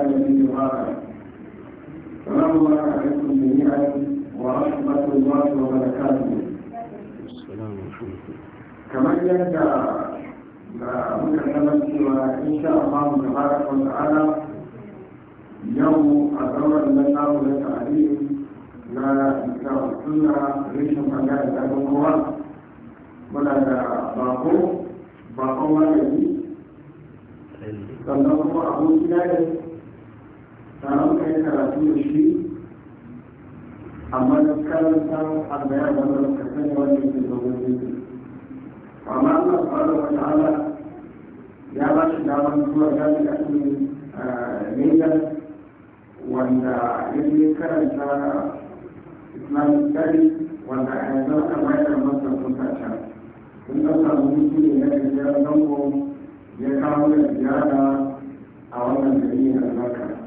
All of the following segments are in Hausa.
الذي هذا السلام عليكم جميعا ورحمة الله وبركاته السلام عليكم كما يرجع متكلم إن شاء الله تبارك وتعالى يوم الدورة لنا وللتعليم لا كنا ليش معنى الأمور ولا باقو باقو ما يجي sannan kuma abokin ne samun kai karatu da shi amma da karanta albaya da wanda ka sani wanda ke zaune ne amma Allah subhanahu wa ta'ala ya ba shi damar zuwa jami'in asibitin Lagos eh, wanda ya ke karanta Islamic studies wanda a yanzu aka bayar da masa kusa can. Sun ɗan samu hutu ne na gajiyar zango ya kawo da ziyara a wannan gari na Zaka.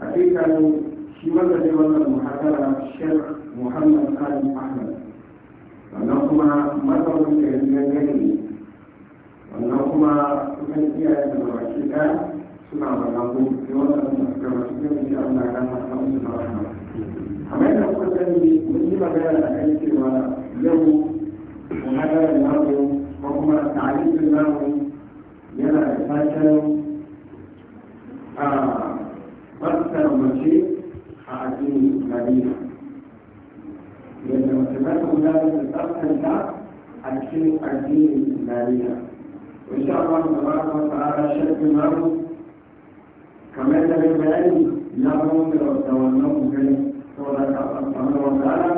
حقيقة shi wanda zai wannan muhadara shek muhammad salim ahmad wannan kuma mazaunin da ya zai gani wannan kuma kusan iyaye da baki ɗaya suna wannan ko da wannan da baki ɗaya da allah ya masa musu da rahama kamar yadda kuka sani mun yi magana a kan cewa yau muhadarar namu ko kuma ta'alifin namu yana da fashin fassara mace a addinin islamiyya yadda mace za ta gudanar da tsaftanta a cikin addinin islamiyya wani sha'awar da ba ta wata ara shaɗin maru. kamar da bai bayani ya zama da wannan kokari saboda ka amfani wa ta'ala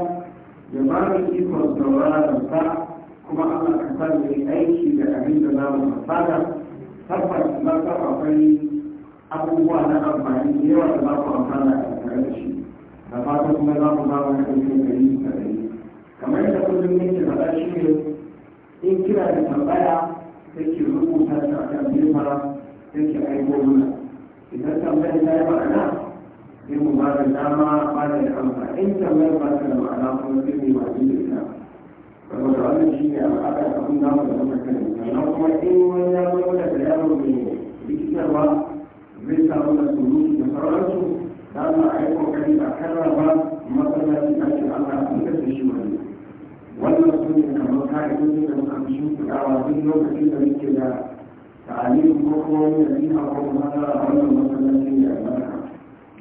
ya ba da ikon da ta kuma a ka sa yi aiki da abin da za mu fasada tabbas na akwai abubuwa na amfani yawa da za ku amfana a tare da shi da fatan kuma za ku zama na ɗauke da yi da yi kamar yadda kullum yake faɗa shi ne in kira da tambaya take rubuta ta a kan fefara take aiko mana idan tambayar ta yi ma'ana sai mu ba da dama ba da amsa in tambayar ba ta da ma'ana kuma sai mu ba da ita saboda wannan shi ne al'adar abin da mu da muka sannan kuma in wani ya zo da yaro mai rikitarwa zai samu da surutu da sauransu da Allah a yi kokari a karrama masallaci a ce Allah an kashe shi wani wannan su ne kamar ka'idodin da muka fi shimfiɗawa duk lokacin da muke da ta'alim ko kuma wani nasiha ko kuma nasara a wannan masallaci da albarka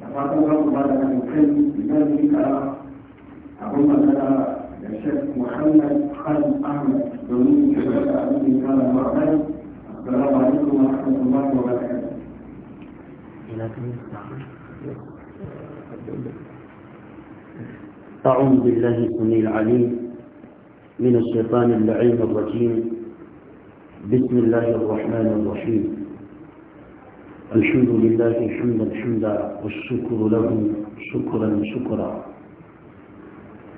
da fatan za ku ba da kan kai idan nika abin magana da shek muhammad khan ahmad domin ya da abin da ya kara ma'aikata السلام عليكم ورحمه الله وبركاته أعوذ بالله السميع العليم من الشيطان اللعين الرجيم بسم الله الرحمن الرحيم الحمد لله حمدا حمدا والشكر له شكرا شكرا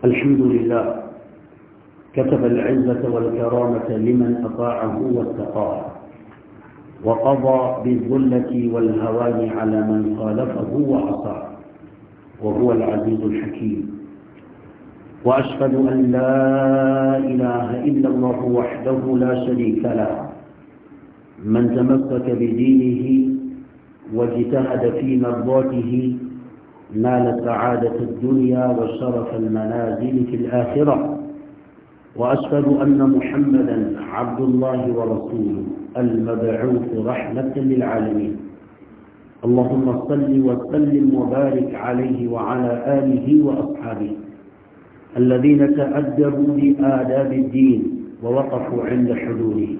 الحمد لله كتب العزة والكرامة لمن أطاعه واتقاه وقضى بالذلة والهوان على من خالفه وعصاه وهو العزيز الحكيم وأشهد أن لا إله إلا الله وحده لا شريك له من تمسك بدينه واجتهد في مرضاته نال سعادة الدنيا وشرف المنازل في الآخرة وأشهد أن محمدا عبد الله ورسوله المبعوث رحمة للعالمين اللهم صل وسلم وبارك عليه وعلى آله وأصحابه الذين تأدبوا لآداب الدين ووقفوا عند حدوده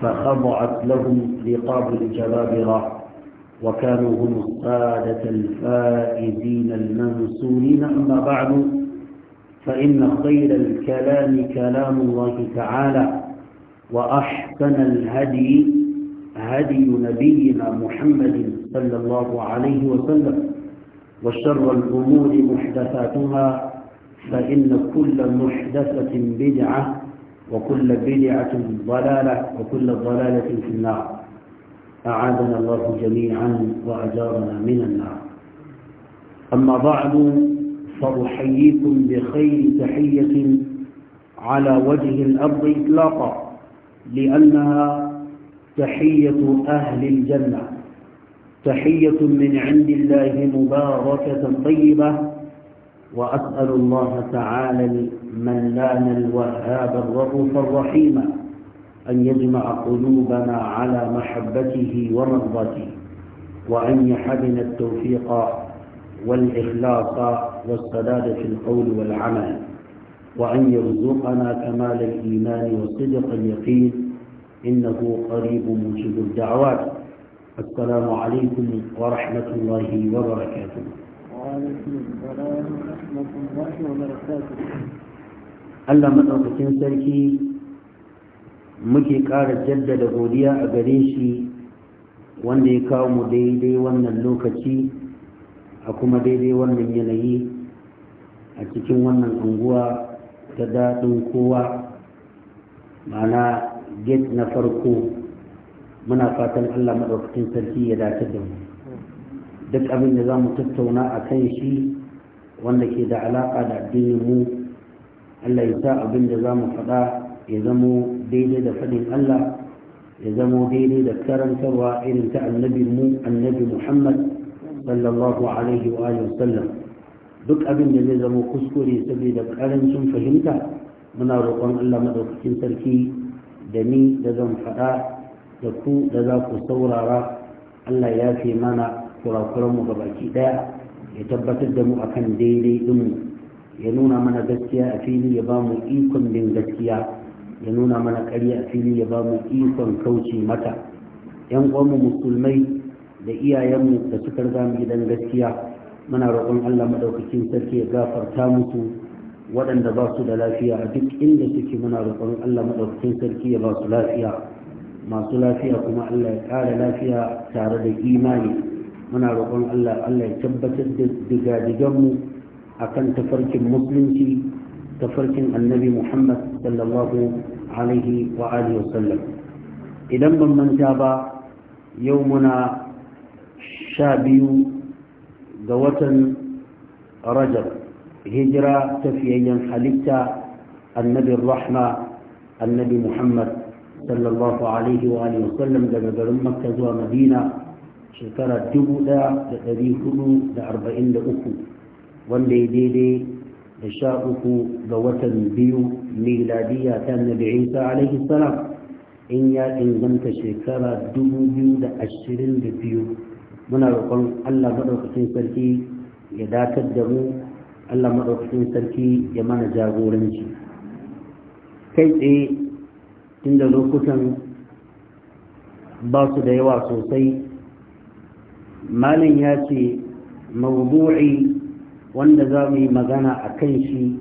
فخضعت لهم رقاب الجبابرة وكانوا هم السادة الفائزين المنصورين أما بعد فإن خير الكلام كلام الله تعالى وأحسن الهدي هدي نبينا محمد صلى الله عليه وسلم وشر الأمور محدثاتها فإن كل محدثة بدعة وكل بدعة ضلالة وكل ضلالة في النار أعاذنا الله جميعا وأجارنا من النار أما بعد فأحييكم بخير تحية على وجه الأرض إطلاقا لأنها تحية أهل الجنة تحية من عند الله مباركة طيبة وأسأل الله تعالى من لان الوهاب الرؤوف الرحيم أن يجمع قلوبنا على محبته ومرضته وأن يحبنا التوفيق والإخلاص والسداد في القول والعمل وأن يرزقنا كمال الإيمان وصدق اليقين إنه قريب مجيب الدعوات السلام عليكم ورحمة الله وبركاته وعليكم السلام ورحمة الله وبركاته Allah maɗaukakin sarki muke ƙara jaddada godiya a gare shi wanda ya kawo mu daidai wannan lokaci a kuma daidai wannan yanayi a cikin wannan unguwa ta daɗin kowa ma'ana get na farko muna fatan allah maɗaukacin sarki ya dace da mu duk abin da za mu tattauna a kan shi wanda ke da alaƙa da addinin mu allah ya sa abin da za mu faɗa ya zamo daidai da faɗin allah ya zamo daidai da karantarwa irin ta annabi mu annabi muhammad sallallahu alaihi wa sallam duk abin da zai zama kuskure saboda karancin fahimta muna roƙon Allah madaukakin sarki da ni da zan faɗa da ku da za ku saurara Allah ya fi mana kurakuran ga baki ɗaya ya tabbatar da mu akan daidai ɗinmu ya nuna mana gaskiya a fili ya ba mu ikon bin gaskiya ya nuna mana ƙarya a fili ya ba mu ikon kauce mata yan uwanmu musulmai da iyayenmu da suka riga mu gidan gaskiya muna roƙon Allah maɗaukakin sarki ya gafarta musu waɗanda ba su da lafiya a duk inda suke muna roƙon Allah madaukakin sarki ya ba su lafiya masu lafiya kuma Allah ya ƙara lafiya tare da imani muna roƙon Allah Allah ya tabbatar da digadiganmu akan tafarkin musulunci tafarkin annabi Muhammad sallallahu alaihi wa alihi wa sallam idan ban manta ba yau muna sha biyu ga watan rajab hijira tafiyayyen halitta annabin rahma annabi muhammad sallallahu alaihi wa alihi wasallam daga garin makka zuwa madina shekara 1443 wanda ya daidai da sha uku ga watan biyu miladiya ta annabi isa alaihi salam in ya inganta shekara 2022 muna roƙon Allah maɗaukacin sarki ya datar da mu Allah maɗaukacin sarki ya mana jagoranci kai tsaye da lokutan ba su da yawa sosai malin ya ce mawdu'i wanda za mu yi magana a kan shi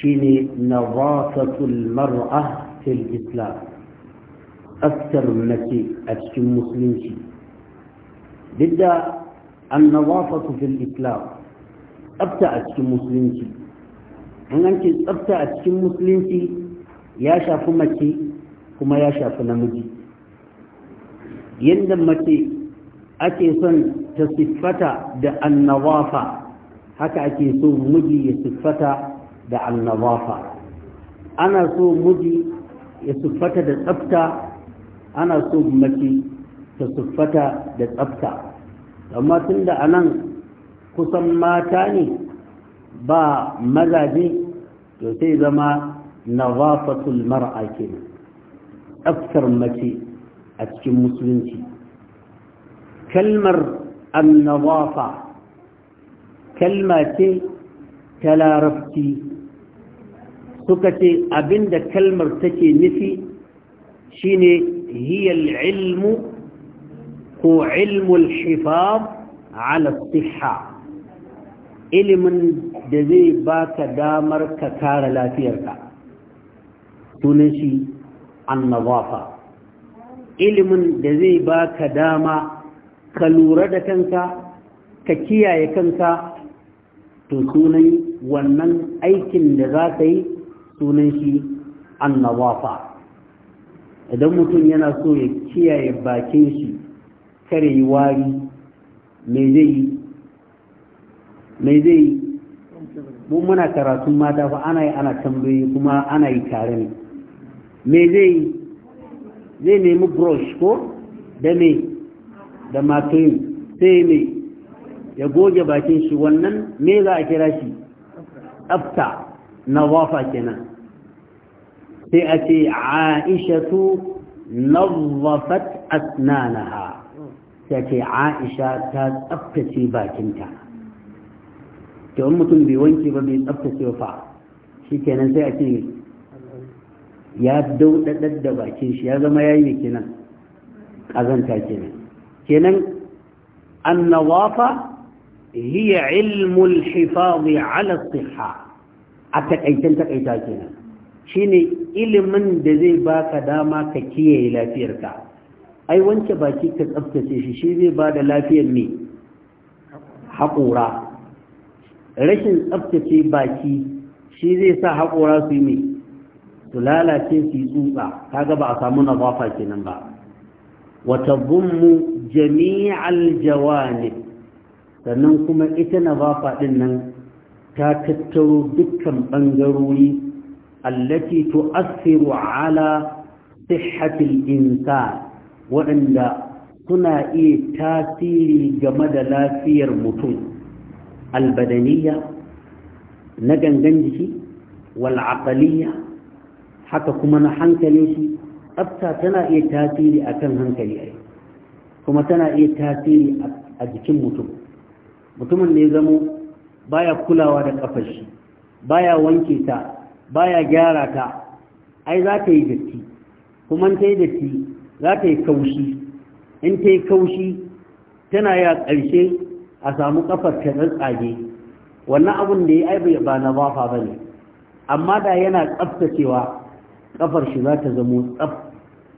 shine nadafatul mar'a fil islam tsaftar mace a cikin musulunci duk da annazafatu fil islam tsafta a cikin musulunci an an tsafta a cikin musulunci ya shafi mace kuma ya shafi namiji yadda mace ake son ta siffata da annazafa haka ake so miji ya siffata da annazafa ana so miji ya siffata da tsafta ana so mace ta siffata da tsafta amma tun da a nan kusan mata ne ba mazaje to sai zama nazafatul mar'a kenan tsaftar mace a cikin musulunci kalmar annazafa kalma ce ta larabci suka ce abinda kalmar take nufi shine hiyal ilmu ko ilmul hifaz ala sihha ilimin da zai baka damar ka kare lafiyarka sunan shi annazafa ilimin da zai baka dama ka lura da kanka ka kiyaye kanka to sunan wannan aikin da za ka yi sunan shi idan mutum yana so ya kiyaye bakin shi kare yi wari me zai yi me zai yi mun muna karatun mata fa ana yi ana tambayi kuma ana yi tare ne me zai yi zai nemi brush ko da me da matoyin sai me ya goge bakin shi wannan me za a kira shi tsafta na wafa kenan sai a ce aishatu nazzafat asnanaha ta ce aisha ta tsaftace bakinta ta mutum bai wanke ba bai tsaftace ba fa shi kenan sai a ce ya daudadar da bakin shi ya zama yayi ne kenan Ƙazanta kenan kenan annawafa hiya ilmul hifazi ala siha a takaitan takaita kenan shine ilimin da zai baka dama ka kiyaye lafiyarka. ai wanke baki ka tsaftace shi shi zai ba da lafiyar me haƙura. rashin tsaftace baki shi zai sa haƙura su yi me su lalace su yi tsutsa kaga ba a samu ke kenan ba wata bummu jami'al ne, sannan kuma ita zafa ɗin nan ta tattaro dukkan ɓangarori allati tu'assiru ala sihhatil insan waɗanda suna iya tasiri game da lafiyar mutum albadaniya na gangan jiki wal'aƙaliya haka kuma na hankali shi tsafta tana iya tasiri a kan hankali ai kuma tana iya tasiri a jikin mutum mutumin ne zamo baya kulawa da ƙafashi, shi baya wanke ta baya gyara ta ai za ta yi datti kuma ta yi datti za ta yi kaushi in ta yi kaushi tana ya ƙarshe a samu ƙafar ta tsatsage wannan abin da ya aibu ba na bafa ba ne amma da yana tsaftacewa ƙafar shi za ta zamo tsaf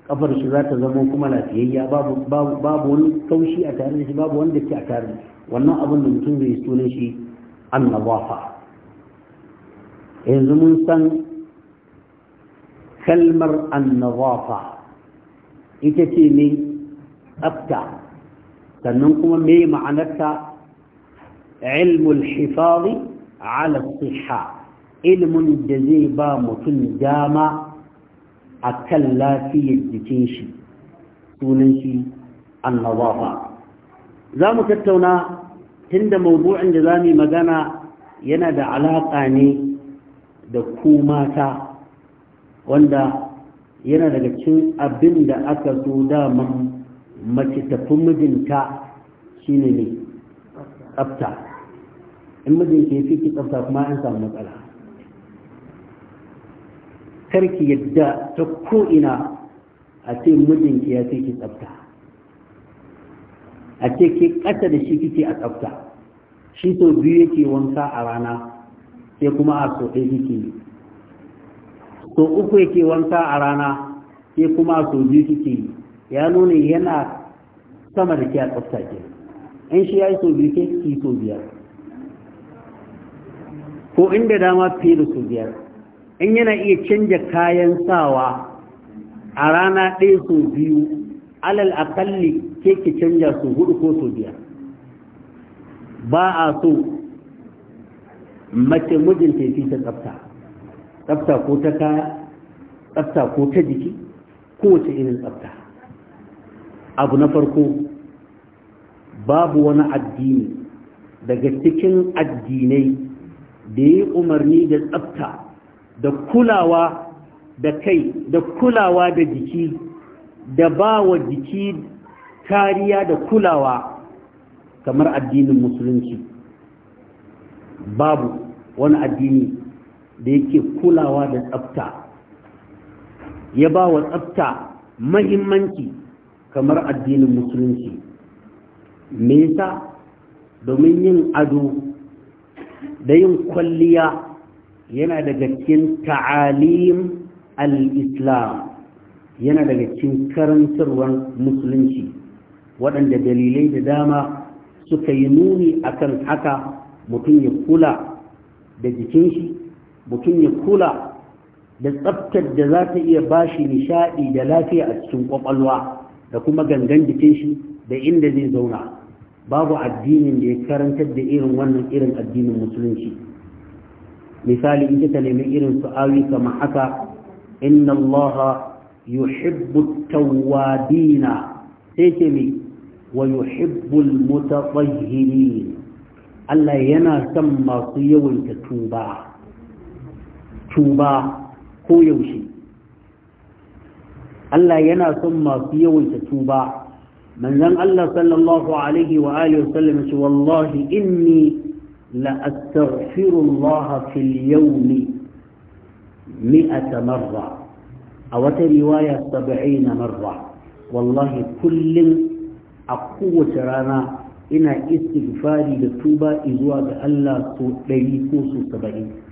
ƙafar shi za ta zamo kuma lafiyayya babu wani kaushi a tare da shi babu wanda ke a tare da wannan abin da mutum zai tunan shi an na bafa yanzu mun san kalmar an na bafa ita ce ne tsafta sannan kuma me ma'anarta ilmul hifazi ala siha ilmin da zai ba mutum dama a kan lafiyar jikin shi sunan shi annabawa za mu tattauna tun da mawubu'in da za mu magana yana da alaƙa ne da ku mata wanda yana daga cikin abin da aka so dama mace tafi mijinta shine ne tsafta in mijin ke fi ki tsafta kuma an samu matsala karki yadda ta ko'ina a ce mijinki ya fi ki tsafta a ce ke ƙasa da shi kike a tsafta shi sau biyu yake wanka a rana sai kuma a sau ɗaya kike so uku yake wanka a rana sai kuma so biyu kike ya nuna yana sama da ke a tsafta ke in shi ya yi so biyu ke ki so biyar ko inda dama fiye da so biyar in yana iya canja kayan sawa a rana ɗaya so biyu alal akalli ke ki canja so hudu ko so biyar ba a so mace mijinta ya fi ta tsafta tsafta ko ta kaya tsafta ko ta jiki kowace irin tsafta abu na farko babu wani addini daga cikin addinai da ya umarni da tsafta da kulawa da kai da kulawa da jiki da ba wa jiki kariya da kulawa kamar addinin musulunci babu wani addini da yake kulawa da tsafta ya ba wa tsafta mahimmanci kamar addinin musulunci me yasa domin yin ado da yin kwalliya yana daga cikin ta'alim al-islam yana daga cikin karantarwar musulunci waɗanda dalilai da dama suka yi nuni akan haka mutum ya kula da jikin shi mutum ya kula da tsaftar da za ta iya bashi nishaɗi da lafiya a cikin ƙwaƙwalwa da kuma gangan jikin shi da inda zai zauna babu addinin da ya karantar da irin wannan irin addinin musulunci misali in kika nemi irin su awi kamar haka inna allah yuhibbu tawwabina sai ce mi wa yuhibbu almutatahhirin Allah yana son masu yawaita tuba tuba ko yaushe Allah yana son masu yawaita tuba manzon Allah sallallahu alaihi wa alihi wasallam ce wallahi inni la astaghfirullah fil yawmi mi'ata marra a wata riwaya 70 marra wallahi kullum a kowace rana ina istighfari da tuba zuwa ga Allah so ɗari ko so saba'in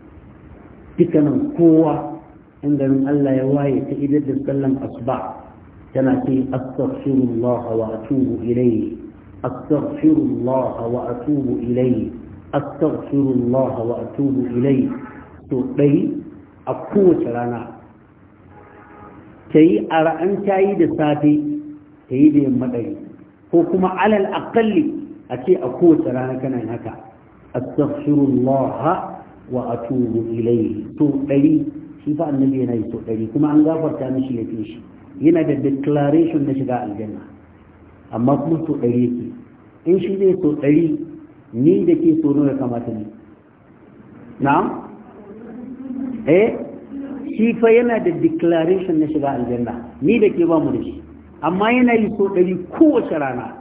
dukkanin kowa in ganin Allah ya waye ta idar da sallan asuba tana ce astaghfirullah wa atubu ilayhi astaghfirullah wa atubu ilayhi astaghfirullah wa atubu ilayhi to dai a kowace rana ta yi a ra'an ta yi da safe ta yi da yamma ɗari ko kuma alal aƙalli a ce a kowace rana kana yin haka astaghfirullah wa atubu ilayhi to ɗari shi fa annabi yana yi to ɗari kuma an gafarta mishi ya fi yana da declaration na shiga aljanna amma kuma to ɗari yake in shi zai to ɗari ni da ke so nawa kamata ne na eh shi fa yana da declaration na shiga aljanna ni da ke ba mu da shi amma yana yi so ɗari kowace rana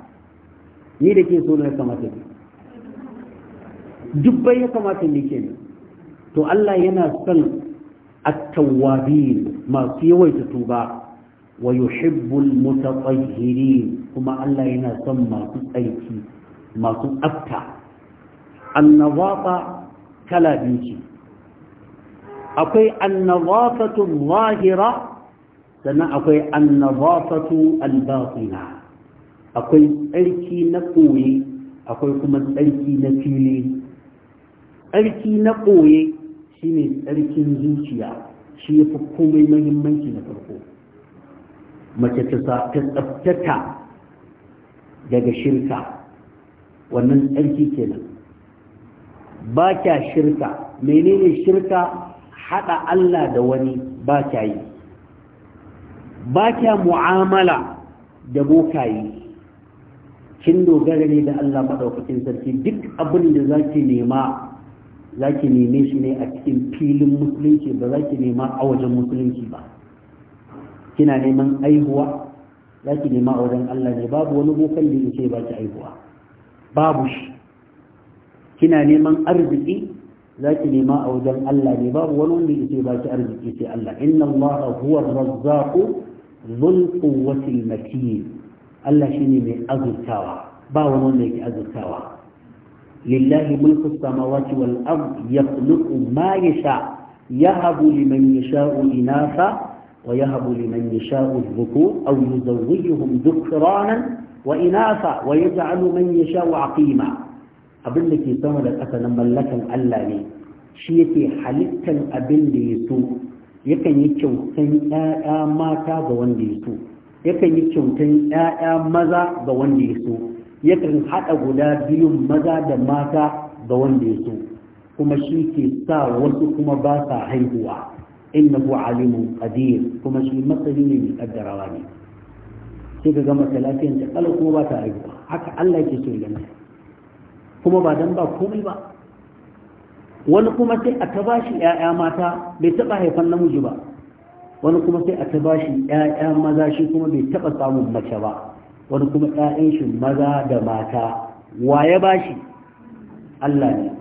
ni da ke so nawa kamata ne dubbai ya kamata ne kenan. to Allah yana son at masu yawaita tuba wa yuhibbul mutatahhirin kuma Allah yana son masu tsarki masu tsafta annawata kala biyu akwai annawafatu zahira sannan akwai annawafatu albatina akwai tsarki na koye akwai kuma tsarki na fili tsarki na koye shine tsarkin zuciya shi ya fi komai mahimmanci na farko mace ta tsaftata daga shirka wannan tsarki kenan ba kya shirka menene shirka hada Allah da wani ba kya yi ba kya mu'amala da bokayi kin dogara ne da Allah maɗaukakin sarki duk abin da za nema za ki neme shi ne a cikin filin musulunci ba za ki nema a wajen musulunci ba kina neman aihuwa za ki nema a wajen Allah ne babu wani bukan da yake ba ki aihuwa babu shi kina neman arziki za ki nema a wajen Allah ne babu wani wanda yake ba ki arziki sai Allah inna Allah huwa ar-razzaqu dhul quwwati al-matin Allah shine mai azurtawa ba wani wanda yake azurtawa lillahi mulku samawati wal ard yakhluqu ma yasha yahabu liman yasha'u inatha wa yahabu liman yasha'u dhukur aw yuzawwijuhum dhukranan wa inatha wa yaj'alu man yasha'u aqima abin da ke sama da ƙasa na mallakan Allah ne shi yake halittan abin da ya so yakan yi kyautan yaya mata ga wanda ya so yakan yi kyautan yaya maza ga wanda ya so yakan haɗa guda biyun maza da mata ga wanda ya so kuma shi ke sa wasu kuma ba sa haihuwa innahu alimun qadir kuma shi masani ne mai kaddarawa ne sai ga gama lafiyan ta kala kuma ba ta haihuwa haka Allah yake so yana kuma ba dan ba komai ba wani kuma sai a ta bashi ƴaƴa mata bai taɓa haifan namiji ba wani kuma sai a ta bashi ƴaƴa maza shi kuma bai taɓa samun mace ba wani kuma ƴaƴan shi maza da mata wa ya bashi Allah ne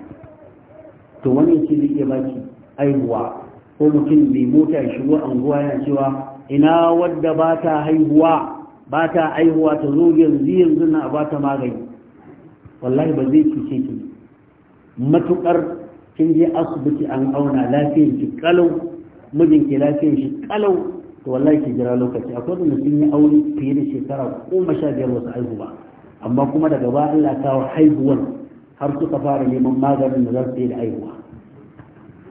to wani ce zai iya baki haihuwa ko mutum mai mota ya shigo anguwa yana cewa ina wadda ba ta haihuwa ba ta haihuwa ta zo yanzu yanzu na ba ta magani wallahi ba zai cuce ki matukar kin je asibiti an auna lafiyar ki kalau mijin ki lafiyar shi kalau to wallahi ki jira lokaci akwai wanda sun yi aure fiye da shekara goma sha biyar wasu haihu ba amma kuma daga ba Allah kawo haihuwar har suka fara neman maganin da za su yi da haihuwa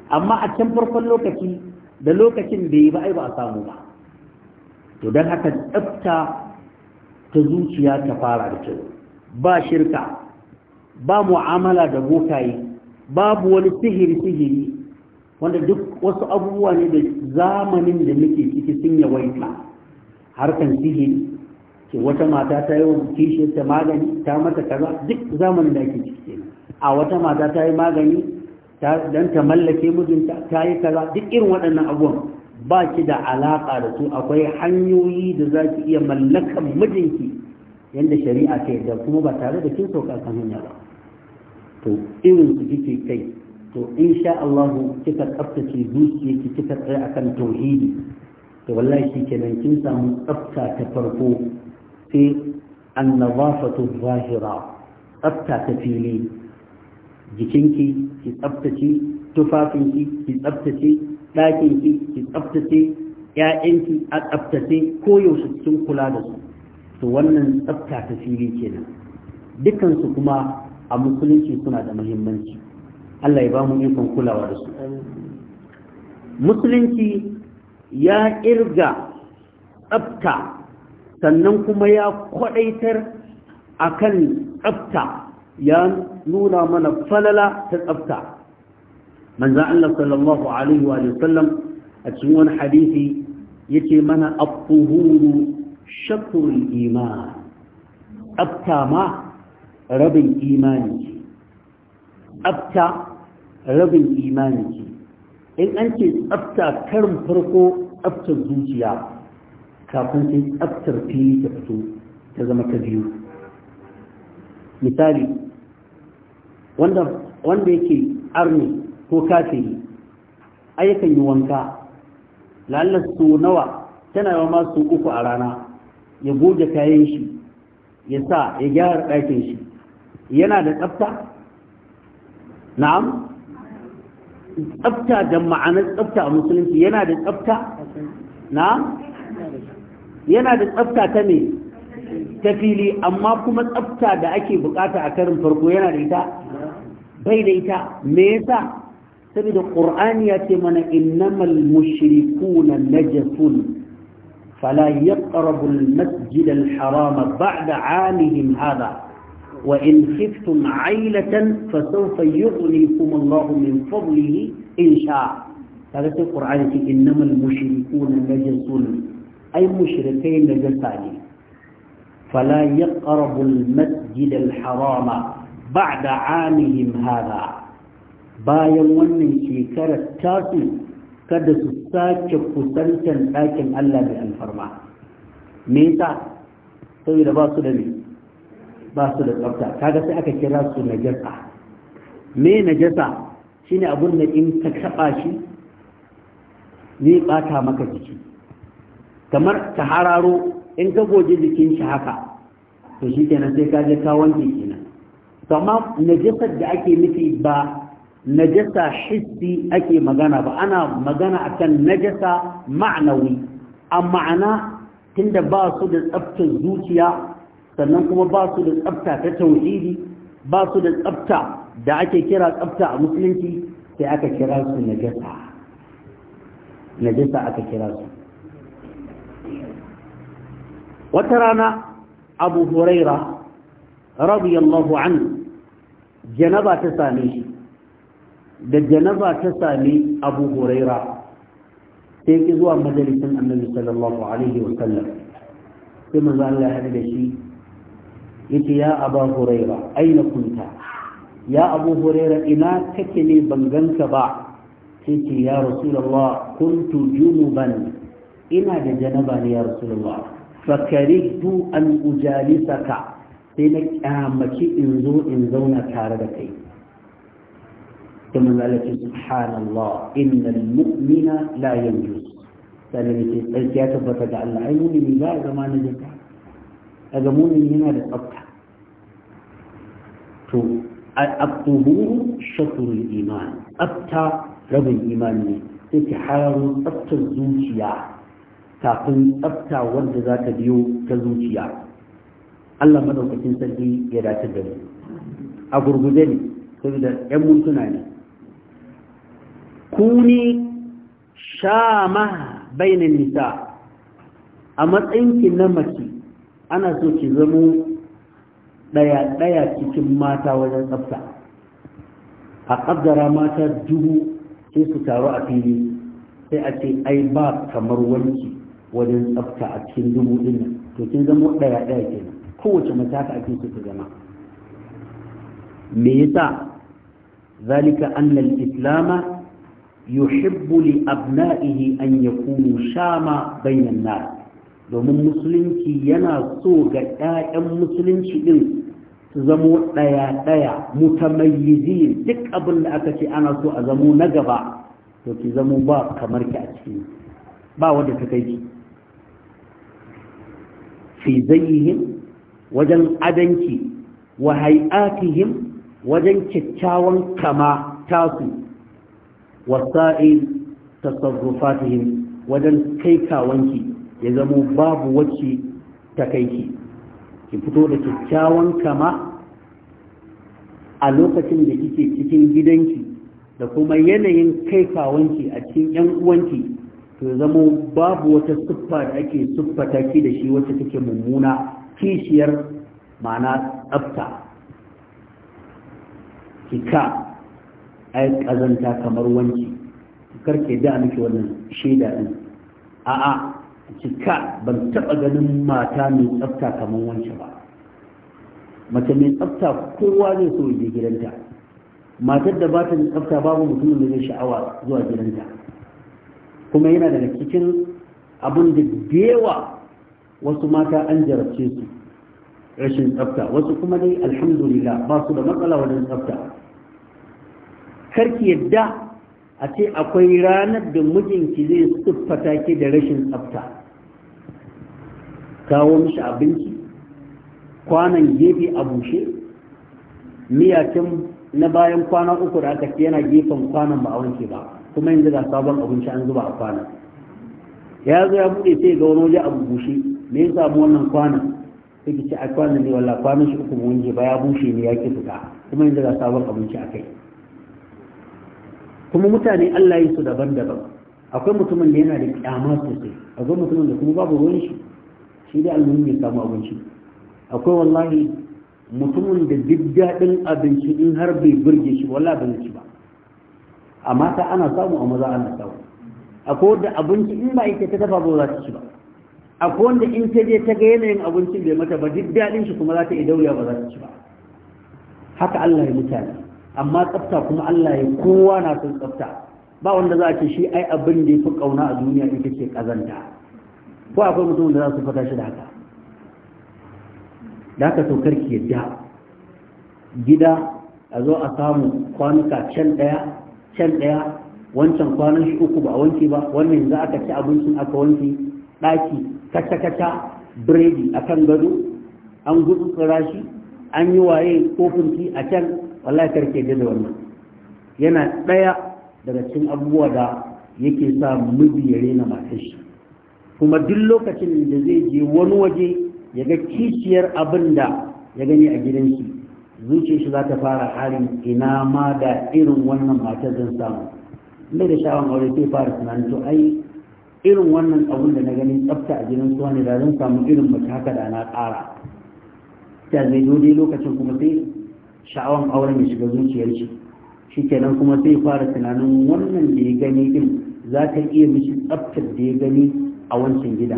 amma a can farkon lokaci da lokacin da yi ba ai ba a samu ba to don haka tsafta ta zuciya ta fara da kyau ba shirka ba mu'amala da bokaye babu wani sihiri sihiri wanda duk wasu abubuwa ne da zamanin da muke ciki sun yawaita harkan sihiri ce wata mata ta yi wa ta magani ta mata kaza duk zamanin da ake ciki a wata mata ta yi magani don ta mallake mijinta ta yi kaza duk irin waɗannan abubuwan ba ki da alaƙa da su akwai hanyoyi da za ki iya mallakan mijinki yadda shari'a ta da kuma ba tare da kin sauka kan hanya ba to irin su kike kai to insha Allah kika tsaftace zuciyarki kika tsaya akan tauhidi to wallahi kenan kin samu tsafta ta farko sai annazafatu zahira tsafta ta fili jikinki ki tsaftace tufafinki ki tsaftace ɗakinki ki tsaftace ‘ya'yanki a tsaftace koyaushe cikin kula da su to wannan tsafta ta fili kenan dukansu kuma a musulunci suna da muhimmanci Allah ya ba mu ikon kulawa da su musulunci ya ƙirga tsafta sannan kuma ya kwadaitar akan tsafta ya nuna mana falala ta tsafta manzan Allah sallallahu alaihi wa sallam a cikin wani hadisi ce mana at-tuhuru iman tsafta ma rabin imani tsafta rabin imani ce in an ce tsafta karin farko tsaftar zuciya kafin sai tsaftar fili ta fito ta zama ta biyu misali wanda wanda yake arni ko kafiri ayyukan yi wanka lallar su nawa tana yawa masu uku a rana ya goge kayan shi ya sa ya gyara ɗakin shi yana da tsafta na'am tsafta da ma'anar tsafta a musulunci yana da tsafta na yana da tsafta ta ne ta fili amma kuma tsafta da ake bukata a karin farko yana da ita bai da ita me yasa saboda qur'ani ya ce mana innamal mushrikuna najasun fala yaqrabu al-masjid harama ba'da 'amihim hadha وإن خفتم عيلة فسوف يغنيكم الله من فضله إن شاء هذا في القرآن إنما المشركون نجسون أي مشركين نجسان فلا يقرب المسجد الحرام بعد عامهم هذا bayan wannan shekarar tasu kada su sake kusantan ɗakin Allah mai alfarma me yasa saboda ba su da ne ba su da tsafta kaga sai aka kira su najasa me najasa shine abun da in ka taba shi zai bata maka jiki kamar ta hararo in ka goje jikin shi haka to shi kenan sai ka je ka wanke kenan to amma najasar da ake nufi ba najasa hissi ake magana ba ana magana akan najasa ma'anawi a ma'ana tunda ba su da tsaftar zuciya sannan kuma ba su da tsafta ta tauhidi ba su da tsafta da ake kira tsafta a musulunci sai aka kira su najasa najasa aka kira su wata rana abu huraira radiyallahu anhu janaba ta same shi da janaba ta same abu huraira sai ki zuwa majalisin annabi sallallahu alaihi wa sallam sai manzo Allah ya hada da shi yace ya abu huraira aina kunta ya abu huraira ina kake ne ban ba sai ya rasulullah kuntu junuban ina da janaba ne ya rasulullah fa karihtu an ujalisaka sai na kyamaci in zo in zauna tare da kai da manzalaci subhanallah innal mu'mina la yanjus sannan ce tsarki ya tabbata ga Allah ai ne ba ya zama na jika daga mumini yana da tsafta to abubuwan shakurin imani rabin rabin imani ne sai hararin tsabtar zuciya kafin tsabta wanda za ta biyo ta zuciya Allah maɗaukacin sarki ya dace da mu a gurguje ne saboda 'yan mutuna ne kuni shama bainan nisa a matsayinki na mace ana so ki zamo ɗaya ɗaya cikin mata wajen tsafta a ƙaddara mata dubu sai su taru a fili sai a ce ai ba kamar wanki wajen tsafta a cikin dubu ɗin to kin zama ɗaya ɗaya nan, kowace mata ka ake so zama me yasa zalika anna al-islama yuhibbu li abna'ihi an yakunu shama bainan nas domin musulunci yana so ga 'ya'yan musulunci ɗin su zamo ɗaya-ɗaya mutamayyizi duk abin da aka ce ana so a zamo na gaba to ki zamo ba kamar ki a ciki ba wanda ta kai ki fi zayyihim wajen adanki wa hay'atihim wajen kyakkyawan kama tasu wasa'in tasarrufatihim wajen kai kawanki ya zamo babu wacce ta kai ki ki fito da kyakkyawan kama a lokacin da kike cikin gidanki da kuma yanayin kaifawanki a cikin yan uwanki to ya zamo babu wata siffa da ake siffata ki da shi wacce take mummuna kishiyar ma'ana tsafta kika ai kazanta kamar wanki karke da muke wannan shaida din a'a cika ban taɓa ganin mata mai tsafta kamar wancan ba mace mai tsafta kowa zai so je gidanta matar da ba ta tsafta babu mutumin da zai sha'awa zuwa gidanta kuma yana daga cikin abin da yawa wasu mata an jarabce su rashin tsafta wasu kuma dai alhamdulillah ba su da matsala wajen tsafta karki yadda a ce akwai ranar da mijinki zai siffata ki da rashin tsafta kawo mishi abinci kwanan gefe a bushe miyakin na bayan kwana uku da aka ce yana gefen kwanan ba a wanke ba kuma yanzu ga sabon abinci an zuba a kwanan ya zo ya bude sai ga wani waje a bushe me ya samu wannan kwanan sai ki ce a kwanan ne wallah kwanan shi uku wanke ba ya bushe ne ya ki fita kuma yanzu ga sabon abinci a kai kuma mutane Allah yi su daban-daban akwai mutumin da yana da kyama sosai akwai mutumin da kuma babu ruwan shi shi dai almuhim ya samu abinci akwai wallahi mutumin da duk daɗin abinci in har bai burge shi wallahi abin ci ba a mata ana samu a maza ana samu akwai wanda abinci in ba ita ta dafa ba za ta ci ba akwai wanda in ta je ta ga yanayin abincin bai mata ba duk daɗin shi kuma za ta yi dauriya ba za ta ci ba haka Allah ya mutane amma tsafta kuma Allah ya kowa na son tsafta ba wanda za a ce shi ai abin da ya fi ƙauna a duniya ita ce ƙazanta ko akwai mutum da za su fata shi da haka da haka saukar ki yadda gida a zo a samu kwanuka can daya can ɗaya wancan kwanan shi uku ba a wanke ba wannan yanzu aka ci abincin aka wanke ɗaki kaca-kaca biredi a kan gado an gudu tsira an yi waye kofin ki a can wallahi karke da wannan yana ɗaya daga cikin abubuwa da yake sa mubi ya rena matar shi kuma duk lokacin da zai je wani waje ya ga kishiyar abin da ya gani a gidansu zuciya shi za ta fara harin ina ma da irin wannan matar zan samu inda da sha'awan aure sai fara tunanin to ai irin wannan abun da na gani tsafta a gidan su wani da zan samu irin mace haka da na ƙara ta zai zo dai lokacin kuma sai sha'awan auren ya shiga zuciyar shi shi kenan kuma sai fara tunanin wannan da ya gani din za ta iya mishi tsaftar da ya gani a wancan gida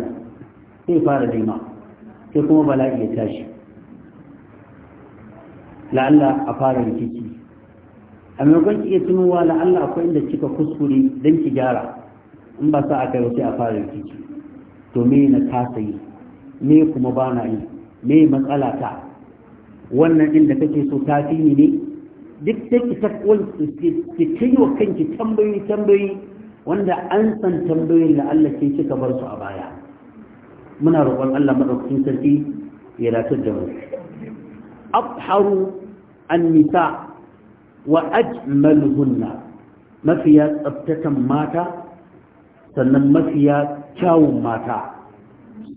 sai fara daima sai kuma bala'i ya tashi la'alla a fara rikici a maimakon ki iya tunowa la'alla akwai inda kika kuskure don ki gyara in ba sa aka yi sai a fara rikici to me na kasa yi me kuma ba na yi me matsala ta wannan inda kake so ta fi ne duk sai ki ta ki wa kanki tambayi tambayi wanda an san tambayoyin da Allah ke cika bar su a baya muna roƙon Allah madaukakin sarki ya ratar da mu abharu an-nisa wa ajmaluhunna mafiya tsabtatan mata sannan mafiya kyawun mata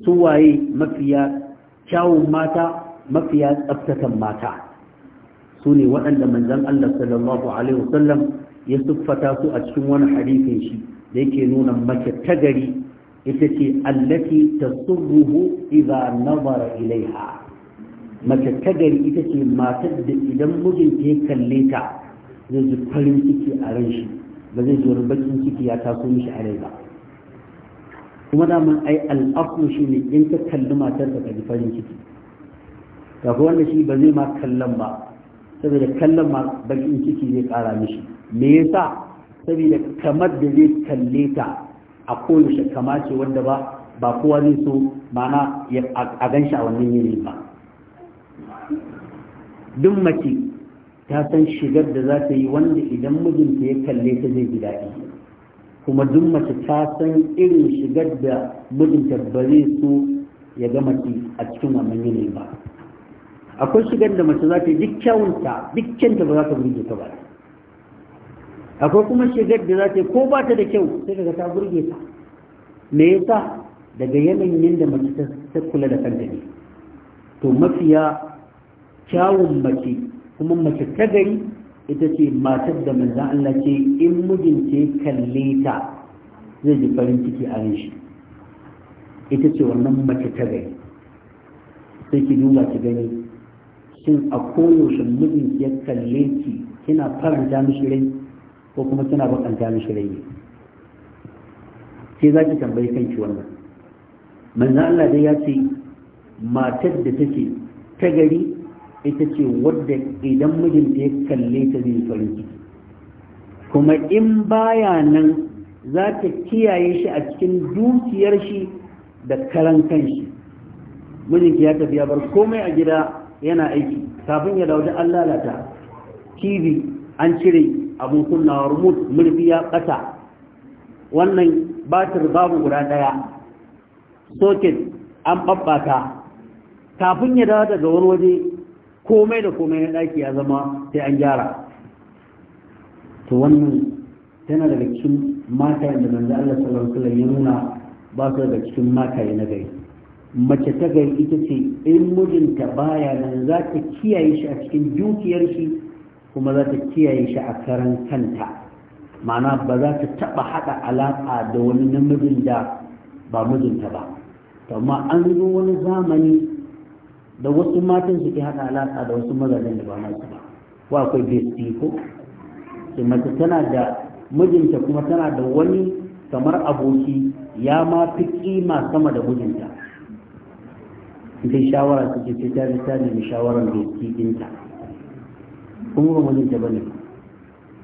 suwaye mafiya kyawun mata mafiya tsabtatan mata su ne waɗanda manzon Allah sallallahu alaihi wasallam ya siffata su a cikin wani hadisin shi da yake nuna mace ta gari ita ce allati tasurruhu idza nazara ilaiha mace ta gari ita ce matar da idan mijinta ya kalle ta zai ji farin ciki a ran shi ba zai ji wani bakin ciki ya taso mishi a rai ba kuma da daman ai al'afu shi ne in ka kalli matar ka ji farin ciki ga wanda shi ba zai ma kallon ba saboda kallon ma bakin ciki zai ƙara mishi me yasa saboda kamar da zai kalle ta a koyaushe kamar ce wanda ba ba kowa zai so mana a gan shi a wannan yanayi ba duk mace ta san shigar da za ta yi wanda idan mijinta ya kalle ta zai ji daɗi kuma duk mace ta san irin shigar da mijinta ba zai so ya ga mace a cikin wannan yanayi ba akwai shigar da mace za ta yi duk kyawunta duk ba za ta burge ta ba akwai kuma shigar da za ta ko ba ta da kyau sai kaga ta burge ta me yasa daga yanayin yadda mace ta kula da kanta ne to mafiya kyawun mace kuma mace ta gari ita ce matar da Allah ce in mijinta kalle ta zai ji farin ciki a ran shi ita ce wannan mace ta gari sai ki duba ki gani shin a koyaushe mijinki ya kalle ki kina faranta mishi rai ko kuma suna bakanta mishi rai sai za ki tambayi kanki wannan manzo Allah dai ya ce matar da take ta gari ita ce wadda idan mijinta ya kalle ta zai farin ciki kuma in baya nan za ta kiyaye shi a cikin dukiyar shi da karan kanshi mijinki ya tafi ya bar komai a gida yana aiki kafin ya dauji an lalata tv an cire abun kunnawa remote murfi ya wannan batir babu guda ɗaya socket an babbata kafin ya dawo daga wani waje komai da komai na daki ya zama sai an gyara to wannan tana daga cikin mata da manzo Allah sallallahu alaihi wasallam ya nuna ba su daga cikin mata na gari mace ta gari ita ce in mijinta baya nan za ta kiyaye shi a cikin dukiyar shi kuma za ta kiyaye shi a karan kanta ma'ana ba za ta taɓa haɗa alaƙa da wani namijin da ba mijinta ba amma an zo wani zamani da wasu matan suke haɗa alaƙa da wasu mazajen da ba nasu ba Ko akwai besti ko mace tana da mijinta kuma tana da wani kamar aboki ya ma fi kima sama da mijinta sai shawara suke ce ta ta nemi shawaran besti ɗinta kuma ba mijinta ba ne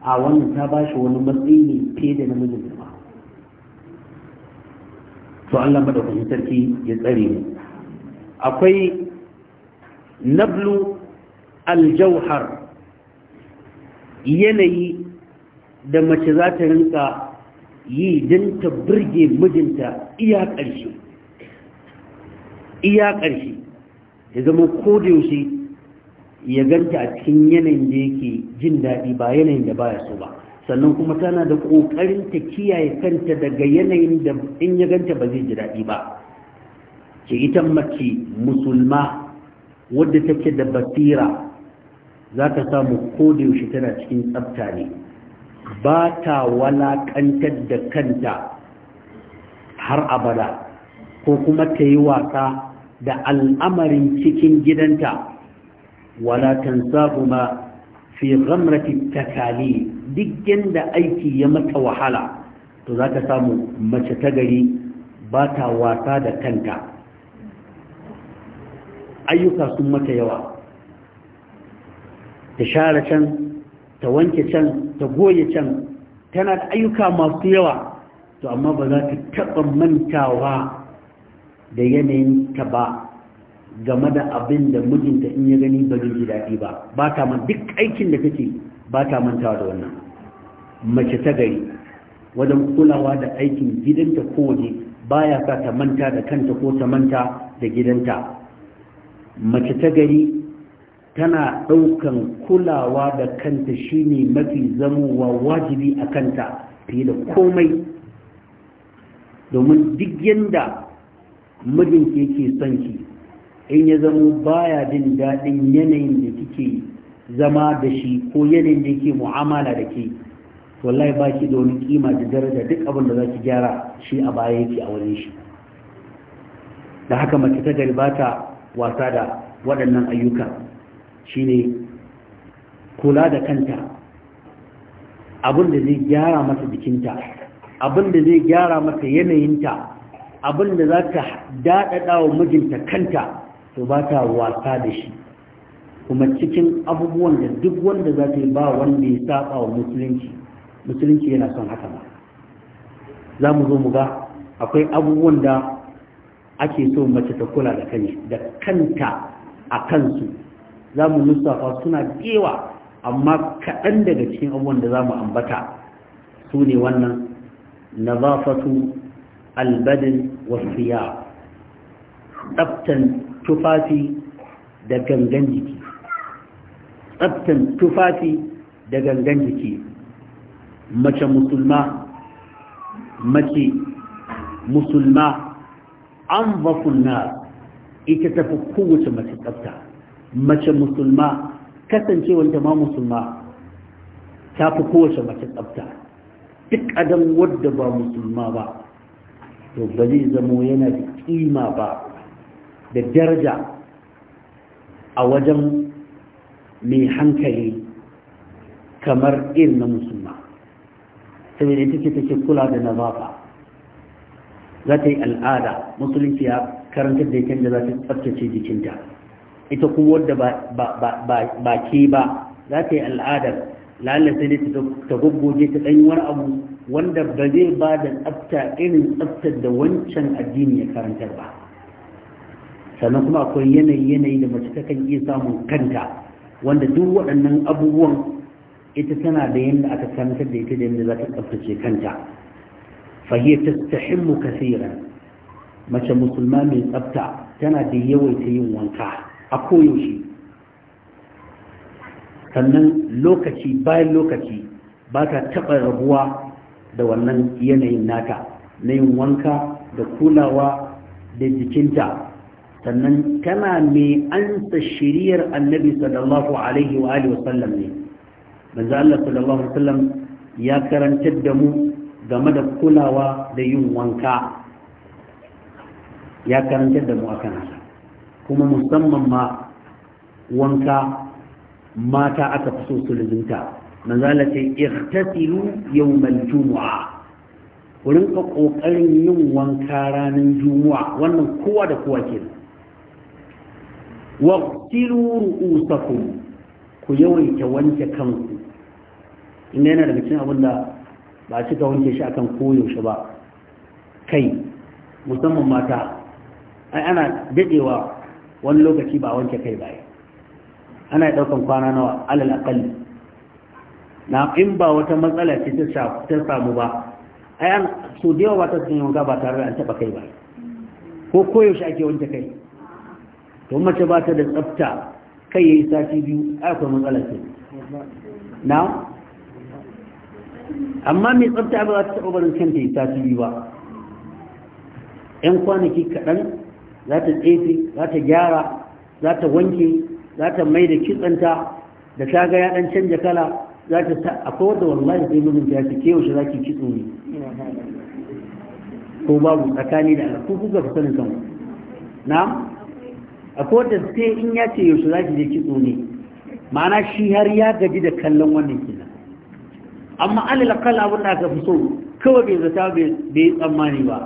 a wannan ta ba shi wani matsayi ne fiye da na mijinta ba to Allah madaukakin sarki ya tsare mu akwai nablu aljauhar yanayi da mace za ta rinka yi don ta burge mijinta iya ƙarshe iya ƙarshe ya zama kodayaushe ya ganta a cikin yanayin da yake jin daɗi ba yanayin da baya so ba sannan kuma tana da ƙoƙarin ta kiyaye kanta daga yanayin da in ya ganta ba zai ji daɗi ba ke ita mace musulma wadda take da basira za ta samu yaushe tana cikin tsafta ne ba ta walaƙantar da kanta har abada ko kuma ta yi wasa da al'amarin cikin gidanta wala tansahuma fi ghamrati takali duk yanda aiki ya mata wahala to zaka samu mace ta gari ba ta wasa da kanta ayyuka sun mata yawa ta share can ta wanke can ta goye can tana da ayyuka masu yawa to amma ba za ta taɓa mantawa da yanayin ta ba game da abin da mijinta in ya gani ba zai ji daɗi ba ba ta man duk aikin da kake ba ta mantawa da wannan mace ta gari wajen kulawa da aikin gidanta ko waje baya sa ta manta da kanta ko ta manta da gidanta mace ta gari tana ɗaukan kulawa da kanta shine mafi zamowa wajibi a kanta fiye da komai domin duk yanda mijinki yake son ki in ya zamo baya jin daɗin yanayin da kike zama da shi ko yanayin da yake mu'amala da ke wallahi ba ki da wani kima da daraja duk abin da za ki gyara shi a baya yake a wurin shi da haka mace ta gari bata ta wasa da waɗannan ayyuka shine kula da kanta abin da zai gyara mata jikinta abin da zai gyara mata yanayinta abin da za ta daɗaɗa wa mijinta kanta to ba ta wasa da shi kuma cikin abubuwan da duk wanda za ta yi ba wanda ya saba wa musulunci musulunci yana son haka ba za mu zo mu ga akwai abubuwan da ake so mace ta kula da da kanta a kansu za mu lissafa suna yawa amma kaɗan daga cikin abubuwan da za mu ambata su ne wannan Na fatu albadin wasiya tsaftan tufafi da gangan jiki tsabtan tufafi da gangan jiki mace musulma mace musulma an bafunna ita tafi kowace mace tsabta mace musulma kasancewar ma musulma ta fi kowace mace tsabta duk adam wadda ba musulma ba to ba zai zamo yana da kima ba da daraja a wajen mai hankali kamar irin na musulma sai da take take kula da nazafa za ta yi al'ada musulunci ya karanta da yake da za ta tsabtace jikinta ita kuma wadda ba ke ba za ta yi al'adar lalle sai ta goggoje ta ɗan wani abu wanda ba zai ba da tsabta irin tsabtar da wancan addini ya karantar ba sannan kuma akwai yanayi yanayi da mace takan iya samun kanta wanda duk waɗannan abubuwan ita tana da yadda aka karantar da ita da yadda za ta tsaftace kanta fahiyar ta tahimmu kasiran mace musulma mai tsafta tana da yawaita yin wanka a koyaushe sannan lokaci bayan lokaci ba ta taɓa rabuwa da wannan yanayin nata na yin wanka da kulawa da jikinta sannan tana mai ansa shiriyar annabi sallallahu alaihi wa alihi wasallam ne manzo Allah sallallahu alaihi wasallam ya karanta da mu game da kulawa da yin wanka ya karanta da mu akan haka kuma musamman ma wanka mata aka fi so su lizinta manzo Allah ce ightasilu yawmal jumu'a ku rinka kokarin yin wanka ranar juma'a wannan kowa da kowa kenan waqtilu ru'usakum ku yawaita wanke kanku inda yana daga cikin abinda ba a cika wanke shi akan koyaushe ba kai musamman mata ai ana dadewa wani lokaci ba wanke kai ba ana daukan kwana nawa alal aqalli na in ba wata matsala ce ta samu ba ai an so da yawa ta sun wanka ba tare da an taba kai ba ko koyaushe ake wanke kai to mace ba ta da tsafta kai yayi sati biyu akwai matsala ce na amma mai tsafta ba za ta taɓa barin kanta yi sati biyu ba yan kwanaki kaɗan za ta tsefe za ta gyara za ta wanke za ta mai da kitsanta da ta ga ya ɗan canja kala za ta ta akwai wadda wallahi sai mijinta ya ce ke yaushe za ki kitso ne ko babu tsakani da ku kuka fi sanin kanku na a kowace sai in ya ce yaushe za ki je kitso ne ma'ana shi har ya gaji da kallon wannan kina amma alal akal abin da aka fi so kawai bai zata bai tsammani ba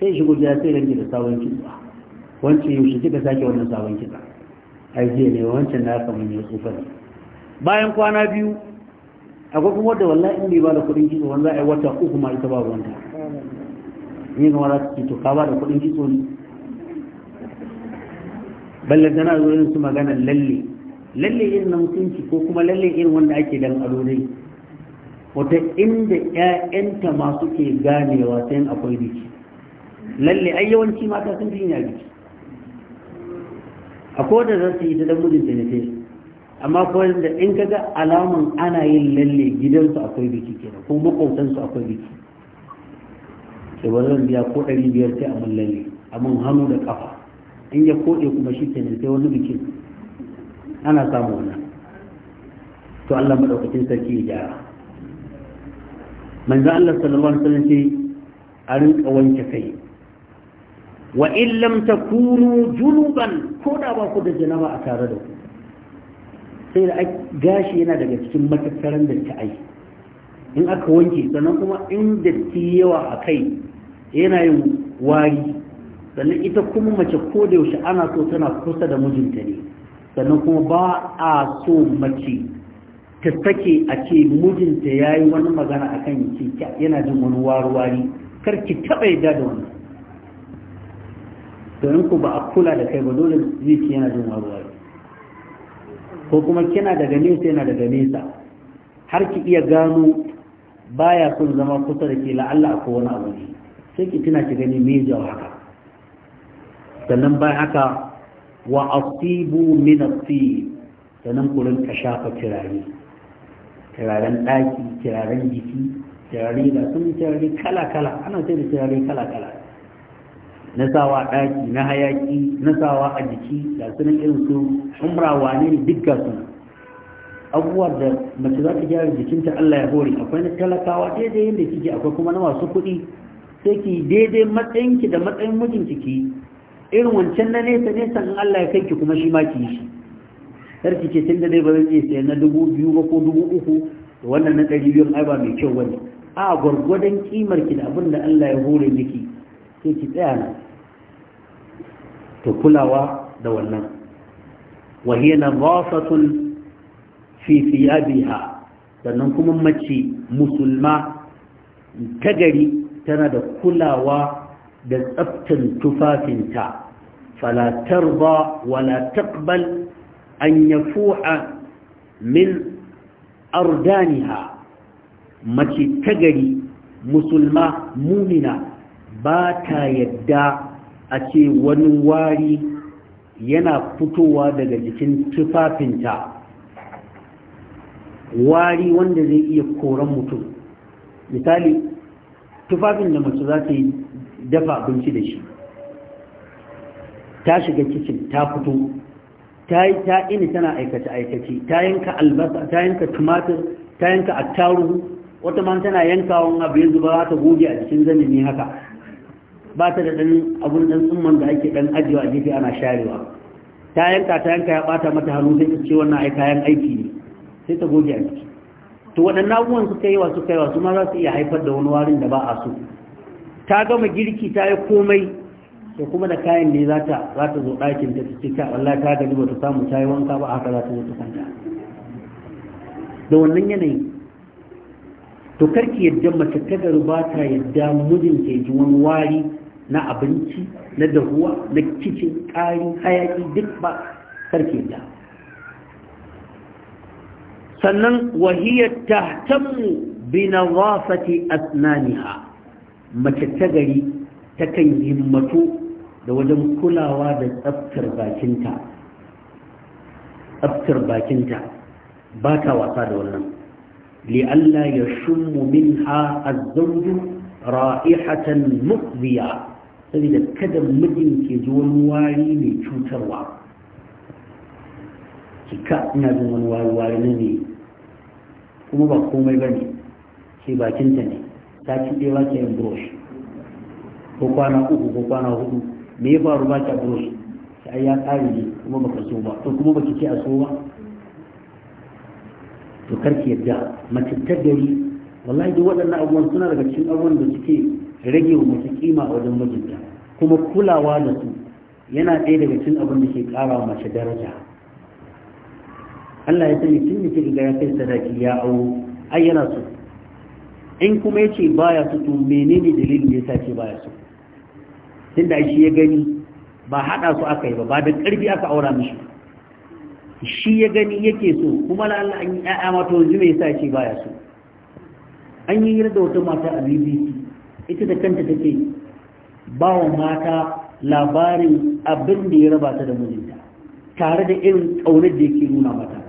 sai shigo ya sai ranke da sabon kitsa wancan yaushe kika sake wannan sabon kitsa ai jiya ne wancan na aka mun yi tsufa bayan kwana biyu akwai kuma wadda wallahi in bai ba da kuɗin kitso wanda ai wata uku ma ita ba wanda ni ga wala kitso to ka ba da kuɗin kitso ne ballan tana wurin su magana lalle lalle irin na mutunci ko kuma lalle irin wanda ake dan ado dai wata inda ƴaƴanta ma suke ganewa sai akwai biki lalle ai yawanci mata sun fi yin biki akwai da za su yi ta dan mijinta ne sai amma ko da in kaga alaman ana yin lalle gidansu akwai biki kenan ko makwabtansu akwai biki sai ba zan biya ko ɗari biyar sai a mun lalle a mun hannu da ƙafa in ya koɗe kuma shi ne sai wani bikin ana samu wannan to Allah maɗaukacin sarki ya gyara manzo Allah sallallahu alaihi wasallam ce a rinka wanke kai wa in lam takunu junuban ko da ba ku da janaba a tare da ku sai da gashi yana daga cikin matattaran da ta in aka wanke sannan kuma in datti yawa a kai yana yin wari sannan ita kuma mace ko da yaushe ana so tana kusa da mijinta ne sannan kuma ba a so mace ta sake a ce mijinta ya yi wani magana a kan yana jin wani waruwari kar ki taɓa yadda da wani sannan ku ba a kula da kai ba dole zai yana jin waruwari ko kuma kina daga nesa yana daga nesa har ki iya gano baya son zama kusa da ke la'alla a wani abu ne sai ki tuna ki gani me jawo haka sannan bayan haka wa asibu min asib sannan ku ka shafa turare turaren ɗaki turaren jiki turare da sun turare kala-kala ana ce da turare kala-kala na sawa ɗaki na hayaki na sawa a jiki da irin su umrawa ne duk ga su abubuwa da mace za ta gyara jikinta Allah ya hori akwai na talakawa daidai yadda kike akwai kuma na masu kuɗi sai ki daidai matsayinki da matsayin mijinki ciki. irin wancan na nesa nesa in Allah ya kai ki kuma shi ma ki yi shi Sarki ke ce da dai ba zan iya sayan na dubu biyu ba ko dubu uku da wannan na ɗari biyun ai ba mai kyau wani a gwargwadon kimar ki da abin da Allah ya hore miki sai ki tsaya na to kulawa da wannan wa hiya nadhafatun fifiya thiyabiha sannan kuma mace musulma ta gari tana da kulawa da tsaftan tufafinta Falatar Ba wala taqbal an yafu'a min ardaniha mace tagari musulma mumina ba ta yadda a ce wani wari yana fitowa daga jikin tufafinta wari wanda zai iya koran mutum misali tufafin da mace za ta yi dafa abinci da shi ta shiga kicin ta fito ta yi ta ini tana aikace aikace ta yanka albasa ta yanka tumatir ta yanka attaruhu wata man tana yanka wani abu yanzu ba za ta goge a cikin ne haka ba ta da ɗan abun ɗan tsumman da ake ɗan ajiyewa a gefe ana sharewa ta yanka ta yanka ya bata mata hannu sai ta ce wannan ai kayan aiki ne sai ta goge a ciki to waɗannan abubuwan suka yi wa suka yi wa su ma za su iya haifar da wani warin da ba a so ta gama girki ta yi komai sai kuma da kayan ne za ta za ta zo ɗakin ta ce ta Allah ta gani ba ta samu ta yi wanka ba haka za ta zo ta kwanta da wannan yanayi to karki yadda mace ta garu ba ta yadda mijin ke ji wani wari na abinci na dahuwa na kicin ƙari hayaƙi duk ba karki yadda sannan wahiyar ta tamu bi na wafati asnaniha mace ta gari takan himmatu da wajen kulawa da tsaftar bakinta tsaftar bakinta ba ta wasa da wannan li'alla ya shummu min ha azzauju ra'ihatan muqbiya saboda kada mijin ke ji wani wari mai cutarwa kika ina jin wani wari wari ne kuma ba komai bane sai bakinta ne ta cuɗewa ke yin brush ko kwana uku ko kwana hudu me ya faru ba ta brush sai ya kare ne kuma baka so ba to kuma baki ce a so ba to karki yadda mace ta gari wallahi duk waɗannan abubuwan suna daga cikin abubuwan da suke rage wa mace kima a wajen mijinta kuma kulawa da su yana ɗaya daga cikin abin da ke ƙara wa mace daraja Allah ya sani tun da ke ga ya kai sadaki ya awo ai yana so in kuma ya ce baya su to menene dalilin da ya sa ce baya su tun da shi ya gani ba haɗa su aka yi ba ba da ƙarfi aka aura mishi shi ya gani yake so kuma la'alla an yi ƴaƴa mata yanzu mai sa ce baya so an yi hira da wata mata a bbc ita da kanta take ba wa mata labarin abin da ya raba ta da mijinta tare da irin ƙaunar da yake nuna mata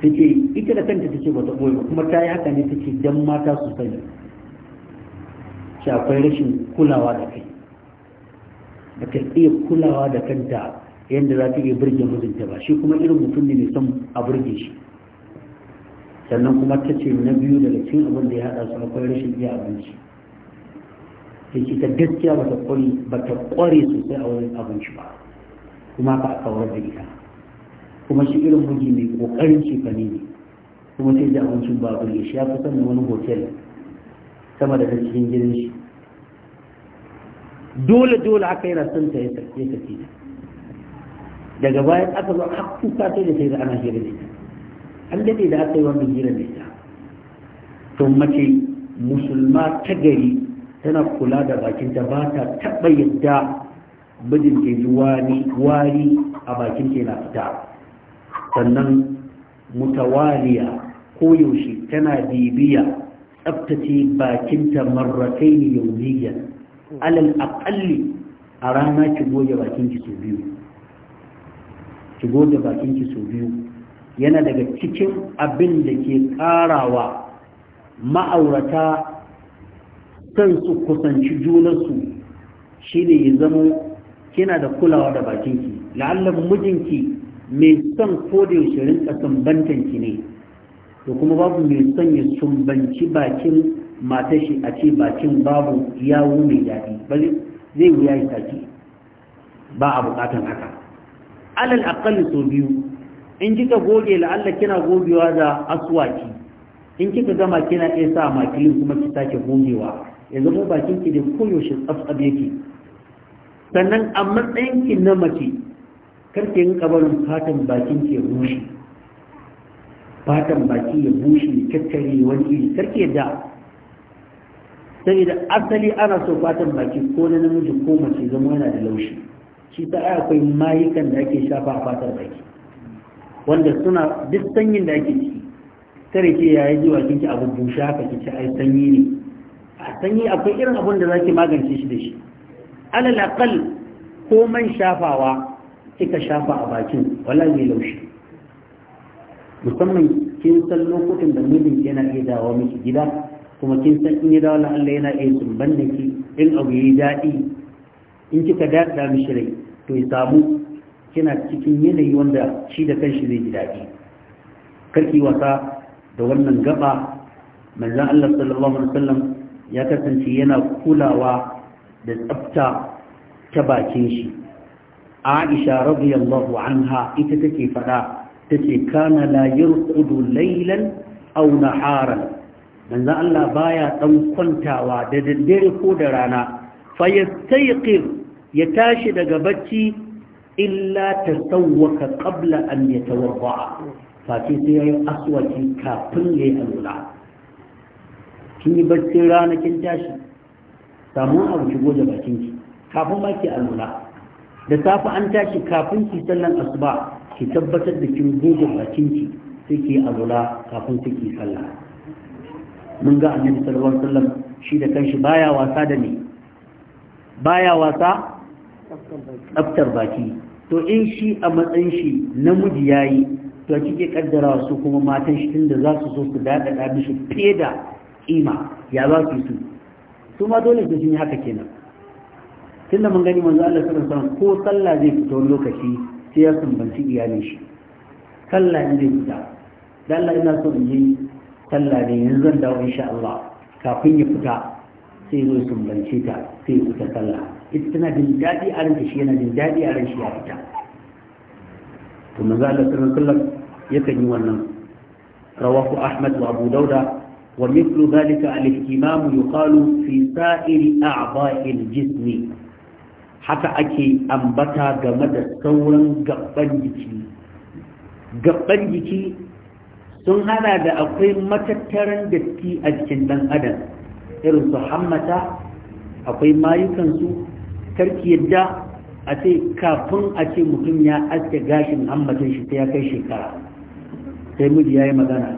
ta ce ita da kanta ta ce ba ta ɓoye ba kuma ta yi haka ne ta ce don mata su sani shafai rashin kulawa da kai da ta iya kulawa da kanta yadda za ta iya birge mijinta ba shi kuma irin mutum ne mai son a birge shi sannan kuma ta ce na biyu daga cikin abin da ya haɗa su akwai rashin iya abinci ta ce ta gaskiya ba ta ƙware sosai a wurin abinci ba kuma ka a wurin da ita kuma shi irin bugi mai kokarin cefane ne kuma sai da abincin babur ya sha kusan da wani hotel sama da cikin gidan shi dole dole haka yana son ta ya tafi daga baya aka zo har kuka sai da sai da ana hira da ita an dade da aka yi wannan hira da ita to mace musulma ta gari tana kula da bakinta ba ta taɓa yadda mijin ke ji wari a bakin ke na fita sannan mutawaliya koyaushe tana bibiya tsabtace bakinta marrakai ne yauniya alal akalli a rana ki goge bakinki sau biyu ki goge bakinki sau biyu yana daga cikin abin da ke ƙarawa ma'aurata san su kusanci junansu shine ya zama kina da kulawa da bakinki la'allan mijinki mai son ko da yaushe rinka ki ne to kuma babu mai son ya sumbanci bakin matar a ce bakin babu yawo mai daɗi bari zai wuya ya saki ba a buƙatan haka alal aqalli so biyu in kika goge la'alla kina gogewa da aswaki in kika gama kina iya sa makilin kuma ki sake gogewa yanzu zama bakin ki da koyaushe tsaftsaf yake sannan a matsayin ki na mace karke yin kabarin fatan bakin ke bushe fatan baki ya bushe kakkare wani iri karke da saboda asali ana so fatan baki ko na namiji ko mace zama yana da laushi shi ta akwai mayukan da ake shafa a fatar baki wanda suna duk sanyin da ake ciki kare ce ya yi kinki abu bushe haka ki ci ai sanyi ne a sanyi akwai irin abun da zaki magance shi da shi alal aqal ko man shafawa kika shafa a bakin wallahi mai laushi musamman kin san lokutan da mijin yana iya dawo miki gida kuma kin san in ya dawo na Allah yana iya sumban da ki in abu yayi daɗi in kika daɗa mishi rai to ya samu kina cikin yanayi wanda shi da kanshi zai ji daɗi karki wasa da wannan gaba manzon Allah sallallahu alaihi wasallam ya kasance yana kulawa da tsafta ta bakin shi aisha radiyallahu anha ita take fada tace kana la yarqudu laylan aw haran manzo Allah baya dan kwantawa da daddare ko da rana fayastayqir ya tashi daga bacci illa tasawwaka qabla an yatawadda fati sai yayi aswaki kafin yayi alwala kin yi baccin rana kin tashi samu abu ki goje bakin ki kafin ma ki da safe an tashi kafin ki sallan asuba ki tabbatar da kin goge bakinki sai ki alula kafin sai ki sallah mun ga annabi sallallahu alaihi wasallam shi da kanshi baya wasa da ni baya wasa tsaftar baki to in shi a matsayin shi namiji yayi to kike kaddara su kuma matan shi tunda za su so su dada da mishi fiye da kima ya za su su su ma dole su yi haka kenan tun da mun gani manzo Allah sallallahu alaihi ko sallah zai fito wani lokaci sai ya sumbanci iyalin shi sallah in zai fita dan Allah ina so in yi sallah ne yanzu zan dawo insha Allah kafin ya fita sai zo sumbance ta sai ya fita sallah ita tana jin daɗi a ranta shi yana jin daɗi a ran shi ya fita to manzo Allah sallallahu alaihi wasallam yakan yi wannan rawahu Ahmad wa Abu Dauda ومثل ذلك الاهتمام يقال في سائر أعضاء الجسم haka ake ambata game da sauran gaban jiki gaban jiki sun hana da akwai matattaran datti a cikin dan adam irin su hammata akwai mayukansu karki yadda a ce kafin a ce mutum ya aske gashin hammatan shi ta ya kai shekara sai miji ya yi magana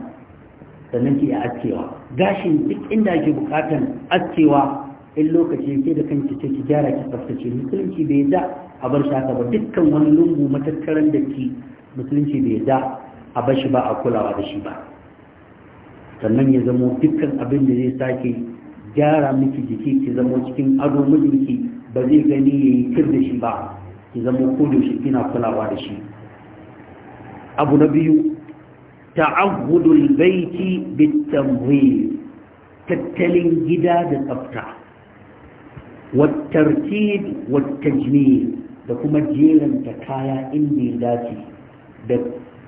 sannan ki ya askewa gashin duk inda ake bukatan askewa in lokaci ke da kanki ce ki gyara ki tsaftace musulunci bai da a bar shi ba dukkan wani lungu matattaran da ki musulunci bai da a bar shi ba a kulawa da shi ba sannan ya zamo dukkan abin da zai sake gyara miki jiki ki zamo cikin ado mijinki ba zai gani ya yi kir da shi ba ki zamo ko da shi kina kulawa da shi abu na biyu ta'awudul baiti bitamwi tattalin gida da tsafta والترتيب والتجميل da kuma jeranta kaya inda ya dace da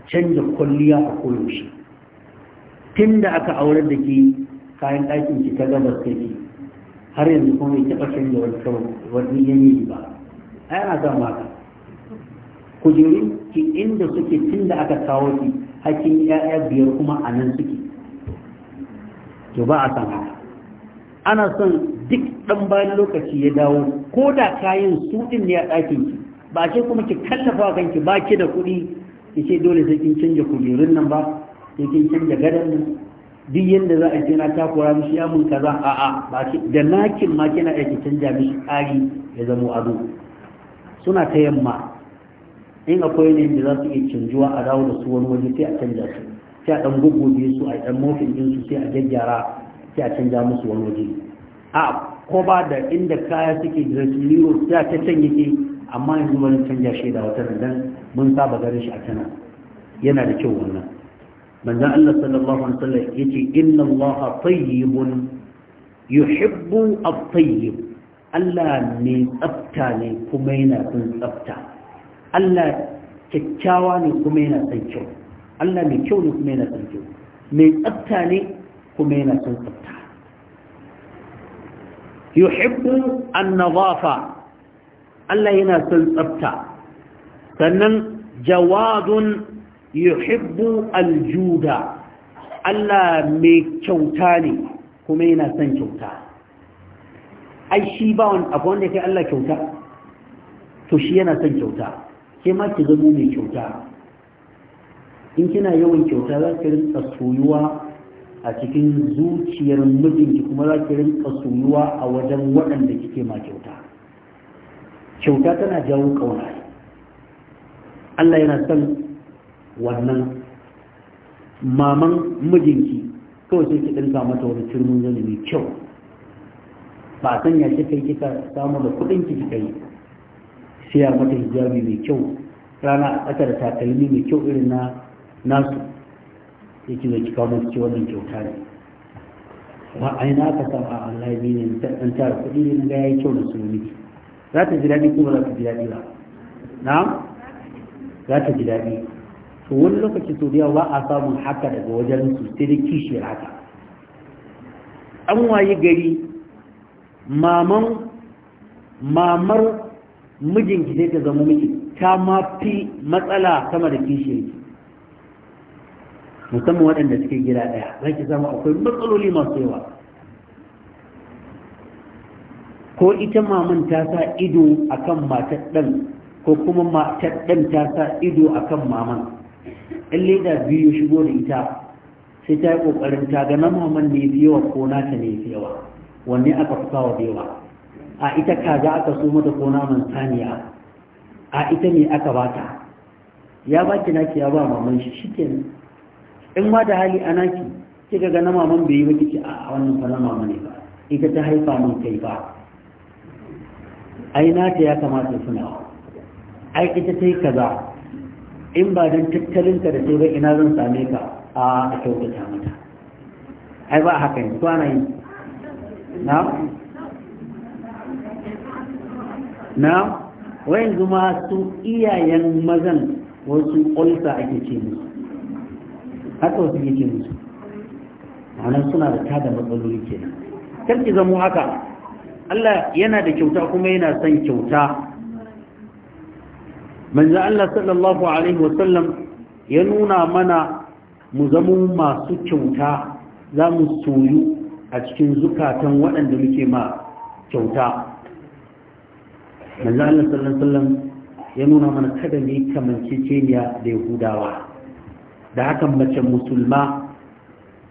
canza kwalliya a koyaushe tun da aka aurar da ke kayan ɗakin ki ta gabar take har yanzu kuma ya taɓa canza wani yanayi ba a yana za maka kujeru ki inda suke tun da aka kawo ki hakin ya'ya biyar kuma a nan suke to ba a san haka ana son duk ɗan bayan lokaci ya dawo ko da kayan su ɗin ne a ɗakin ki ba ce kuma ki kallafa kanki ba ki da kuɗi ki ce dole sai kin canja kujerun nan ba sai kin canja gadon nan duk yadda za a ce na takura mishi ya mun kaza a a ba ki da nakin ma kina iya ki canja mishi Ƙari ya zamo ado suna ta yamma in akwai ne da za su iya canjuwa a dawo da su wani waje sai a canja su sai a ɗan gugu su a ɗan mofin ɗinsu sai a gyaggyara sai a canja musu wani waje a ko ba da inda kaya suke da su da ta can ke, amma yanzu wani canja shi da wata dan mun saba ganin shi a tana yana da kyau wannan manzon Allah sallallahu alaihi wasallam yace inna Allah tayyibun yuhibbu at-tayyib Allah ne tsafta ne kuma yana son tsafta Allah kyakkyawa ne kuma yana son kyau Allah mai kyau ne kuma yana son kyau mai tsafta ne kuma yana son tsafta yuhibbu an-nadhafa Allah yana son tsafta sannan jawadun yuhibbu al-juda Allah mai kyauta ne kuma yana son kyauta ai shi ba wani abu wanda kai Allah kyauta to shi yana son kyauta ke ma ki zama mai kyauta in kina yawan kyauta za ki rinka soyuwa a cikin zuciyar mijinki kuma za ki rinka suyuwa a wajen waɗanda kike ma kyauta kyauta tana jawo ƙauna Allah yana son wannan maman mijinki kawai sai ki ɗinka mata wani turmin zane mai kyau ba a sanya kika kai kika samu da kuɗin ki kika yi siya mata hijabi mai kyau rana a da takalmi mai kyau irin na nasu ya ci zai kawo masu ce wannan kyauta ne ba a yi naka san a Allah ne ne ɗan tara kuɗi ne na gaya ya yi kyau da su miki za ta ji daɗi ko ba za ta ji daɗi ba na za ta ji daɗi to wani lokaci sau da ba a samun haka daga wajen su sai da kishi haka an waye gari maman mamar mijinki sai ta zama miki ta ma fi matsala sama da kishiyarki musamman waɗanda suke gida ɗaya za ki samu akwai matsaloli masu yawa ko ita maman ta sa ido kan matar ɗan ko kuma matar ɗan ta sa ido a kan maman in leda biyu shigo da ita sai ta yi ƙoƙarin ta ga na maman ne fi yawa ko nata ne fi yawa wanne aka fi kawo da yawa a ita kaza aka so mata ko naman saniya a ita ne aka bata ya baki naki ya ba maman shi shiken. in ma da hali ana ki ki ga na maman bai yi ba kike a wannan fa na maman ne ba ita ta haifa min kai ba ai na ta ya kamata suna ai ita ta yi kaza in ba don ka da sai ba ina zan same ka a kyautata mata ai ba haka ne to ana yi na na wayan zuma su iyayen mazan wasu ƙulsa ake ce musu haka wasu yake musu ma'ana suna da tada matsaloli Kar karki zamo haka Allah yana da kyauta kuma yana son kyauta manzo Allah sallallahu alaihi wasallam ya nuna mana mu zamo masu kyauta za mu soyu a cikin zukatan waɗanda muke ma kyauta manzo Allah sallallahu alaihi wasallam ya nuna mana kada mu ne kamanceceniya da Yahudawa da hakan mace musulma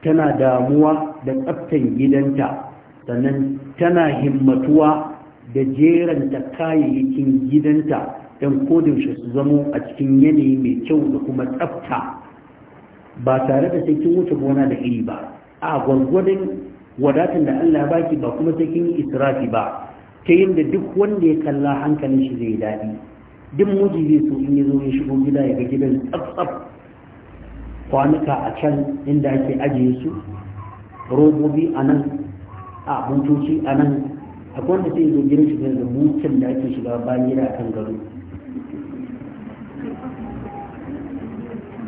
tana damuwa da tsaftan gidanta sannan tana himmatuwa da jeranta kayayyakin gidanta don kodayaushe su zamo a cikin yanayi mai kyau da kuma tsafta ba tare da sai kin wuce gona da iri ba a gwargwadon wadatan da Allah baki ba kuma sai kin israfi ba ta yadda duk wanda ya kalla hankalin shi zai daɗi duk muji zai so in ya zo ya shigo gida ya ga gidan tsaf kwanuka a can inda ake ajiye su robobi a nan a buntoci a nan a kwanta sai zo gidan shi da bukin da ake shiga bayan gida a kan gado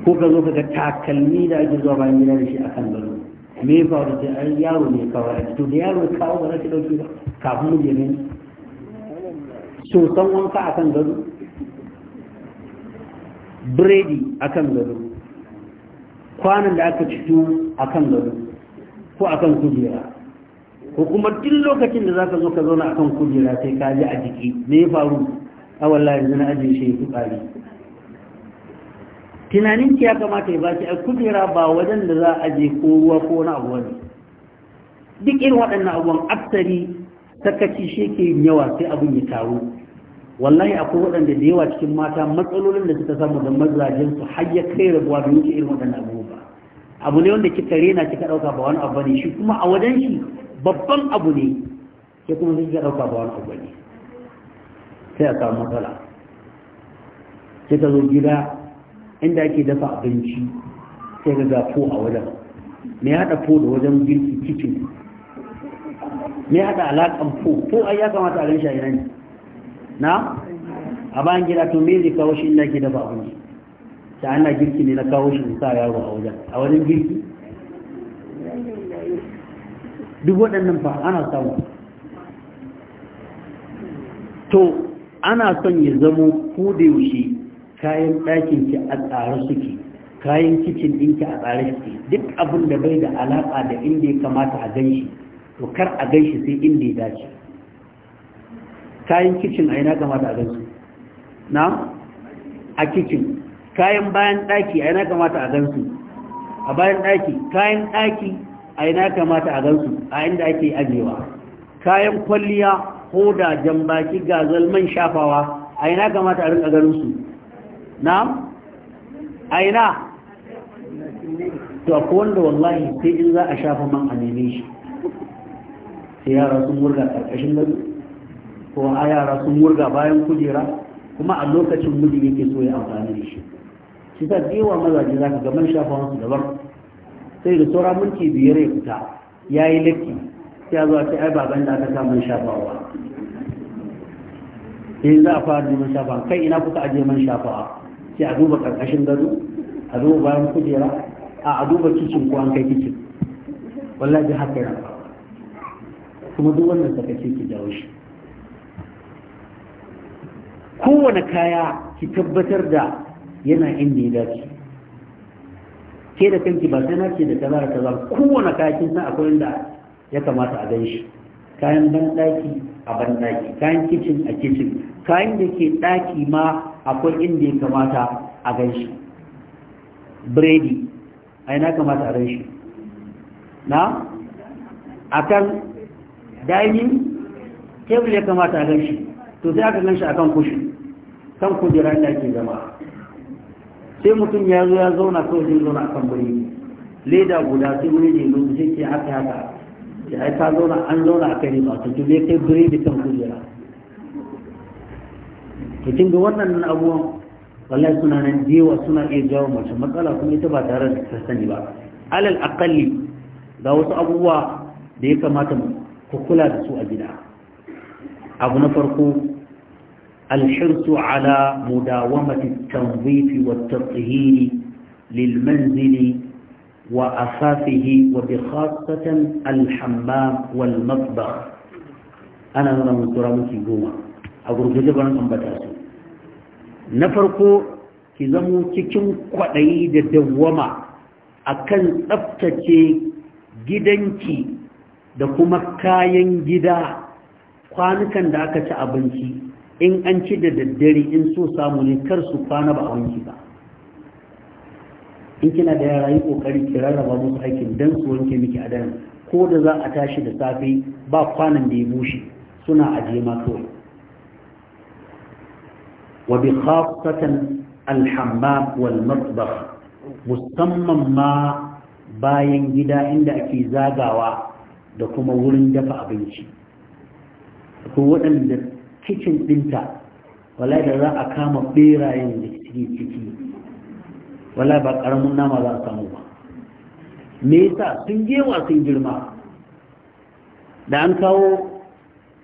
ko ka zo ga takalmi da ake zuwa bayan gida da shi a kan gado me ya faru da ai yaro ne kawai to da yaro kawo ba za ki dauke ba kafin mu je so san wanka a kan gado biredi a kan gado kwanan da aka fito a kan gado ko a kan kujera ko kuma duk lokacin da za ka zo ka zauna a kan kujera sai ka ji a jiki me ya faru a wallahi yanzu na ajiye shi ya fi tunanin ki ya kamata ya baki a kujera ba wajen da za a je ko ruwa ko wani abu wani duk irin waɗannan abuwan aksari sakaci shi ke yawa sai abin ya taru wallahi akwai waɗanda da yawa cikin mata matsalolin da suka samu da mazajen su har ya kai rabuwa da yake irin waɗannan abubuwa abu ne wanda kika rena kika ɗauka ba wani abu ne shi kuma a wajen shi babban abu ne sai kuma sai kika ɗauka ba wani abu ne sai a samu matsala sai ta zo gida inda ake dafa abinci sai ga gafo a wajen me ya haɗa fo da wajen girki kicin me ya haɗa alaƙan fo fo ai ya kamata a ganshi shi a yanayi na a bayan gida to me zai kawo shi inda ke dafa abinci ta ana girki ne na kawo shi sa yaro a wajen a wajen girki duk waɗannan fa ana samu to ana son ya zamo ko da yaushe kayan ɗakin ki a tsare suke kayan kicin ɗinki a tsare suke duk abin da bai da alaƙa da inda ya kamata a gan shi to kar a gan shi sai inda ya dace kayan kicin a yana kamata a gansu na a kicin kayan bayan ɗaki a yana kamata a gansu a bayan ɗaki kayan ɗaki a yana kamata a gansu a inda ake ajewa kayan kwalliya ko jan jambaki gazal man shafawa a yana kamata a rinka ganin su na a yana to akwai wanda wallahi sai in za a shafa man a neme shi sai yara sun wurga ƙarƙashin gado ko a yara sun murga bayan kujera kuma a lokacin miji yake so ya amfani da shi shi ta dewa mazaje za ka ga man shafa wasu daban sai da saura minti biyar ya fita ya yi laki sai ya zuwa sai ai baban da aka sa man shafawa sai eh, za a fara neman shafawa kai ina kuka aje man shafawa sai a duba karkashin gado a duba bayan kujera a duba kicin ko an kai kicin wallahi haka yana kuma duk wannan sakaci ki jawo shi kowane kaya ki tabbatar da yana inda ya dace ke da kanki ba sai na ce da kaza da kaza kowane kaya kin san akwai inda ya kamata a gan shi kayan ban daki a ban daki, kayan kicin a kicin kayan da ke daki ma akwai inda ya kamata a gan shi biredi a ina kamata a gan shi na akan dining table ya kamata a gan shi to sai aka gan shi akan kushin kan kujera ta ke zama sai mutum ya zo ya zauna kawai zai zauna a kan buri leda guda sai wani ne zo sai ke haka haka ya ai ta zauna an zauna a kai ba ta jule kai buri da kan kujera to kin ga wannan abubuwan wallahi suna nan jewa suna iya jawo mace matsala kuma ita ba tare da ta sani ba alal aqalli ga wasu abubuwa da ya kamata ku kula da su a gida abu na farko الحرص على مداومة التنظيف والتطهير للمنزل وأساسه وبخاصة الحمام والمطبخ أنا نرى من ترامك جوما أقول جزبنا أنبتاسو نفرقو كزمو تكن قعيد دوما أكن أبتتي gidanki da kuma kayan gida kwanukan da aka ci abinci in an ci da daddare in so samu ne kar su kwana ba a wanki ba in kina da yara yi kokari ki rarraba musu aikin dan su wanke miki a daren ko da za a tashi da safe ba kwanan da ya bushe suna ajiye ma kawai wa bi khassatan al-hammam wal matbakh musamman ma bayan gida inda ake zagawa da kuma wurin dafa abinci ko waɗanda kicin dinta wala da za a kama berayen da suke ciki wala ba karamin nama za a samu ba me yasa sun gewa sun girma da an kawo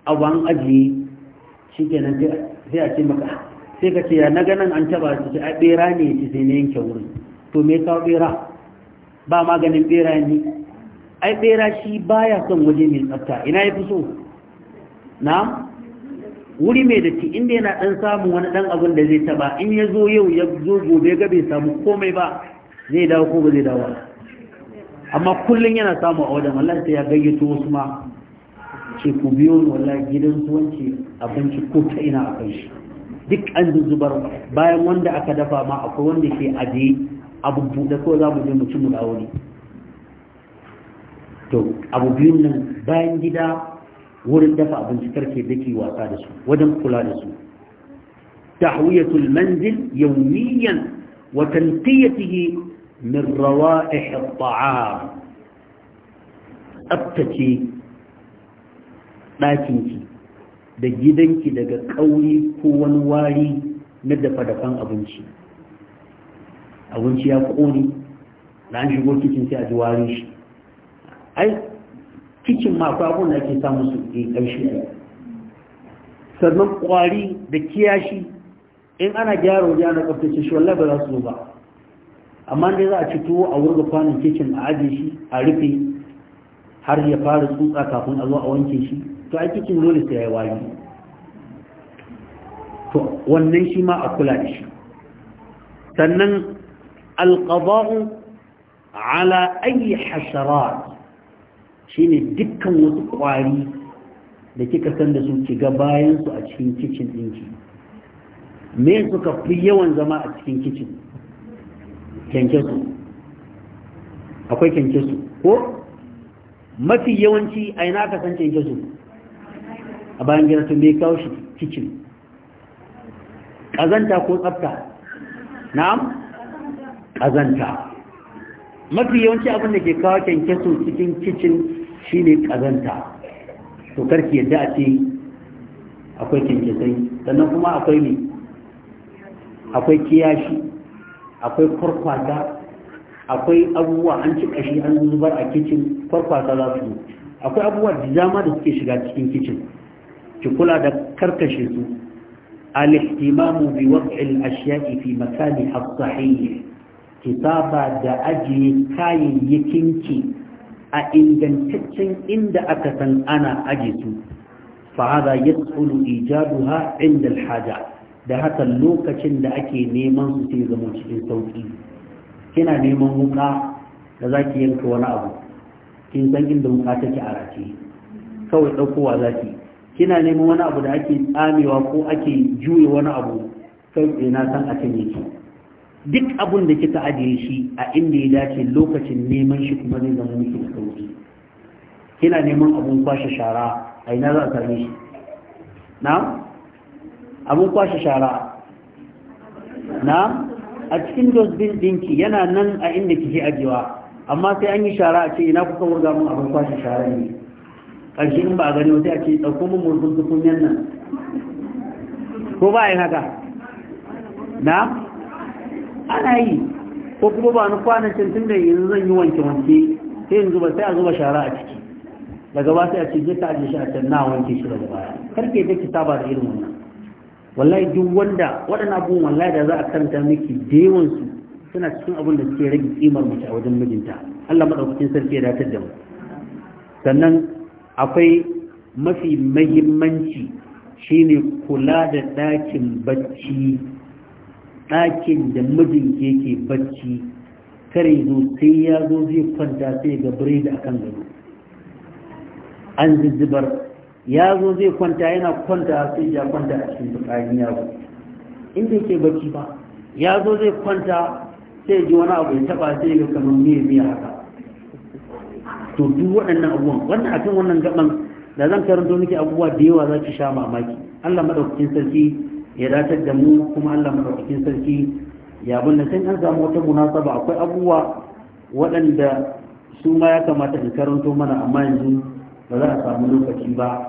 abuwan an ajiye shi nan sai a ce maka sai ka ce ya na ganin an taba su ce a bera ne ya ci sai na yanke wurin to me kawo bera ba maganin bera ne ai bera shi baya son waje mai tsafta ina ya fi so na wuri mai datti inda yana dan samun wani dan abin da zai taba in ya zo yau ya zo gobe ga bai samu komai ba zai dawo ko ba zai dawo amma kullun yana samu a wajen Allah sai ya gayyato wasu ma ce ku biyo ni wallahi gidan su wance abinci ko ta ina a shi duk an zubar bayan wanda aka dafa ma akwai wanda ke aje abu buɗe ko za mu je mu ci mu dawo ne to abu biyun nan bayan gida wurin dafa abinci karke dake wasa da su wajen kula da su tahwiyatul manzil yawmiyan wa tanqiyatihi min rawa'ih at-ta'am tsaftace ɗakinki da gidanki daga ƙauri ko wani wari na dafa-dafan abinci abinci ya ƙone da an shigo kicin sai a ji warin shi ai cikin mako abun da ake samu su ke ƙarshe sannan ƙwari da kiyashi in ana gyara wajen ana tsaftace shi wallahi ba za su ba amma dai za a ci tuwo a wurga kwanan kicin a aje shi a rufe har ya fara tsutsa kafin a zo a wanke shi to a kicin dole sai ya yi wari to wannan shi ma a kula da shi sannan alqada'u ala ayi hasharat shine dukkan wasu ƙwari da kika san da su kiga ga bayan su a cikin kicin ɗinki me suka fi yawan zama a cikin kicin su akwai su ko mafi yawanci a yana ka san su a bayan gina su mai kawo shi kicin ƙazanta ko tsafta na'am ƙazanta mafi yawanci abin da ke kawo su cikin kicin Shi ne kazanta to karki yadda a ce akwai kinkisai sannan kuma akwai ne akwai kiyashi akwai kwarkwata akwai abubuwa an ci kashi an zubar a kicin kwarkwata za su akwai abubuwa da dama da suke shiga cikin kicin ki kula da karkashe su al-ihtimamu bi wad'il al-ashya'i fi makani as-sahih kitaba da ajiye kayayyakin ki a ingantaccen inda aka san ana aje su fa'ada ya tsulu ijaduha inda alhaja da haka lokacin da ake neman su sai zama cikin sauki kina neman wuka da za ki yanka wani abu kin san inda wuka take a race kawai ɗaukowa za ki kina neman wani abu da ake tsamewa ko ake juye wani abu kai na san a can yake duk abun da kika ajiye shi a inda ya dace lokacin neman shi kuma zai zama miki da sauki kina neman abun kwashe shara a ina za a same shi na abun kwashe shara na a cikin dosbin dinki yana nan a inda kike ajiyewa amma sai an yi shara a ce ina kuka wurga mun abun kwashe shara ne ƙarshe in ba a gani wata a ce ɗauko mun murfin tukunyan nan ko ba a yi haka na ana yi ko kuma ba ni kwanacin tun da yanzu zan yi wanke wanke sai yanzu ba sai a zuba shara a ciki daga ba sai a cikin ta ajiye shi a can na wanke shi daga baya karke da kitaba da irin wannan wallahi duk wanda waɗannan abubuwan wallahi da za a karanta miki da yawan suna cikin abin da suke rage kimar mace a wajen mijinta Allah madaukakin sarki ya datar da mu sannan akwai mafi mahimmanci shine kula da ɗakin bacci ɗakin da mijinki yake bacci kare zo sai ya zo zai kwanta sai ga biredi akan gado an zizzibar ya zo zai kwanta yana kwanta sai ya kwanta a cikin tsakanin yaro inda yake bacci ba ya zo zai kwanta sai ji wani abu ya taba sai ga kamar miya miya haka to duk waɗannan abubuwan wannan akan wannan gaban da zan karanto miki abubuwa da yawa za ki sha mamaki Allah madaukakin sarki ya datar da mu kuma Allah madaukakin sarki ya bunna sai an samu wata munasaba akwai abubuwa waɗanda su ma ya kamata in karanto mana amma yanzu ba za a samu lokaci ba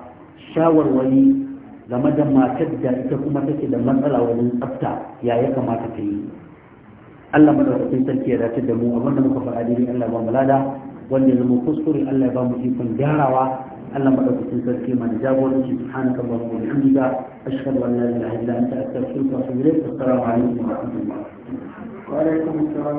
shawarwari game da matar da ita kuma take da matsala wajen tsafta ya ya kamata ta yi Allah madaukakin sarki ya dace da mu abin da muka faɗa dai Allah ba mu lada wanda zama kuskure Allah ya ba mu ikon gyarawa اللهم بارك في سيدنا محمد جابر سبحانك اللهم وبحمدك اشهد ان لا اله الا انت استغفرك واتوب اليك السلام عليكم ورحمه الله وعليكم السلام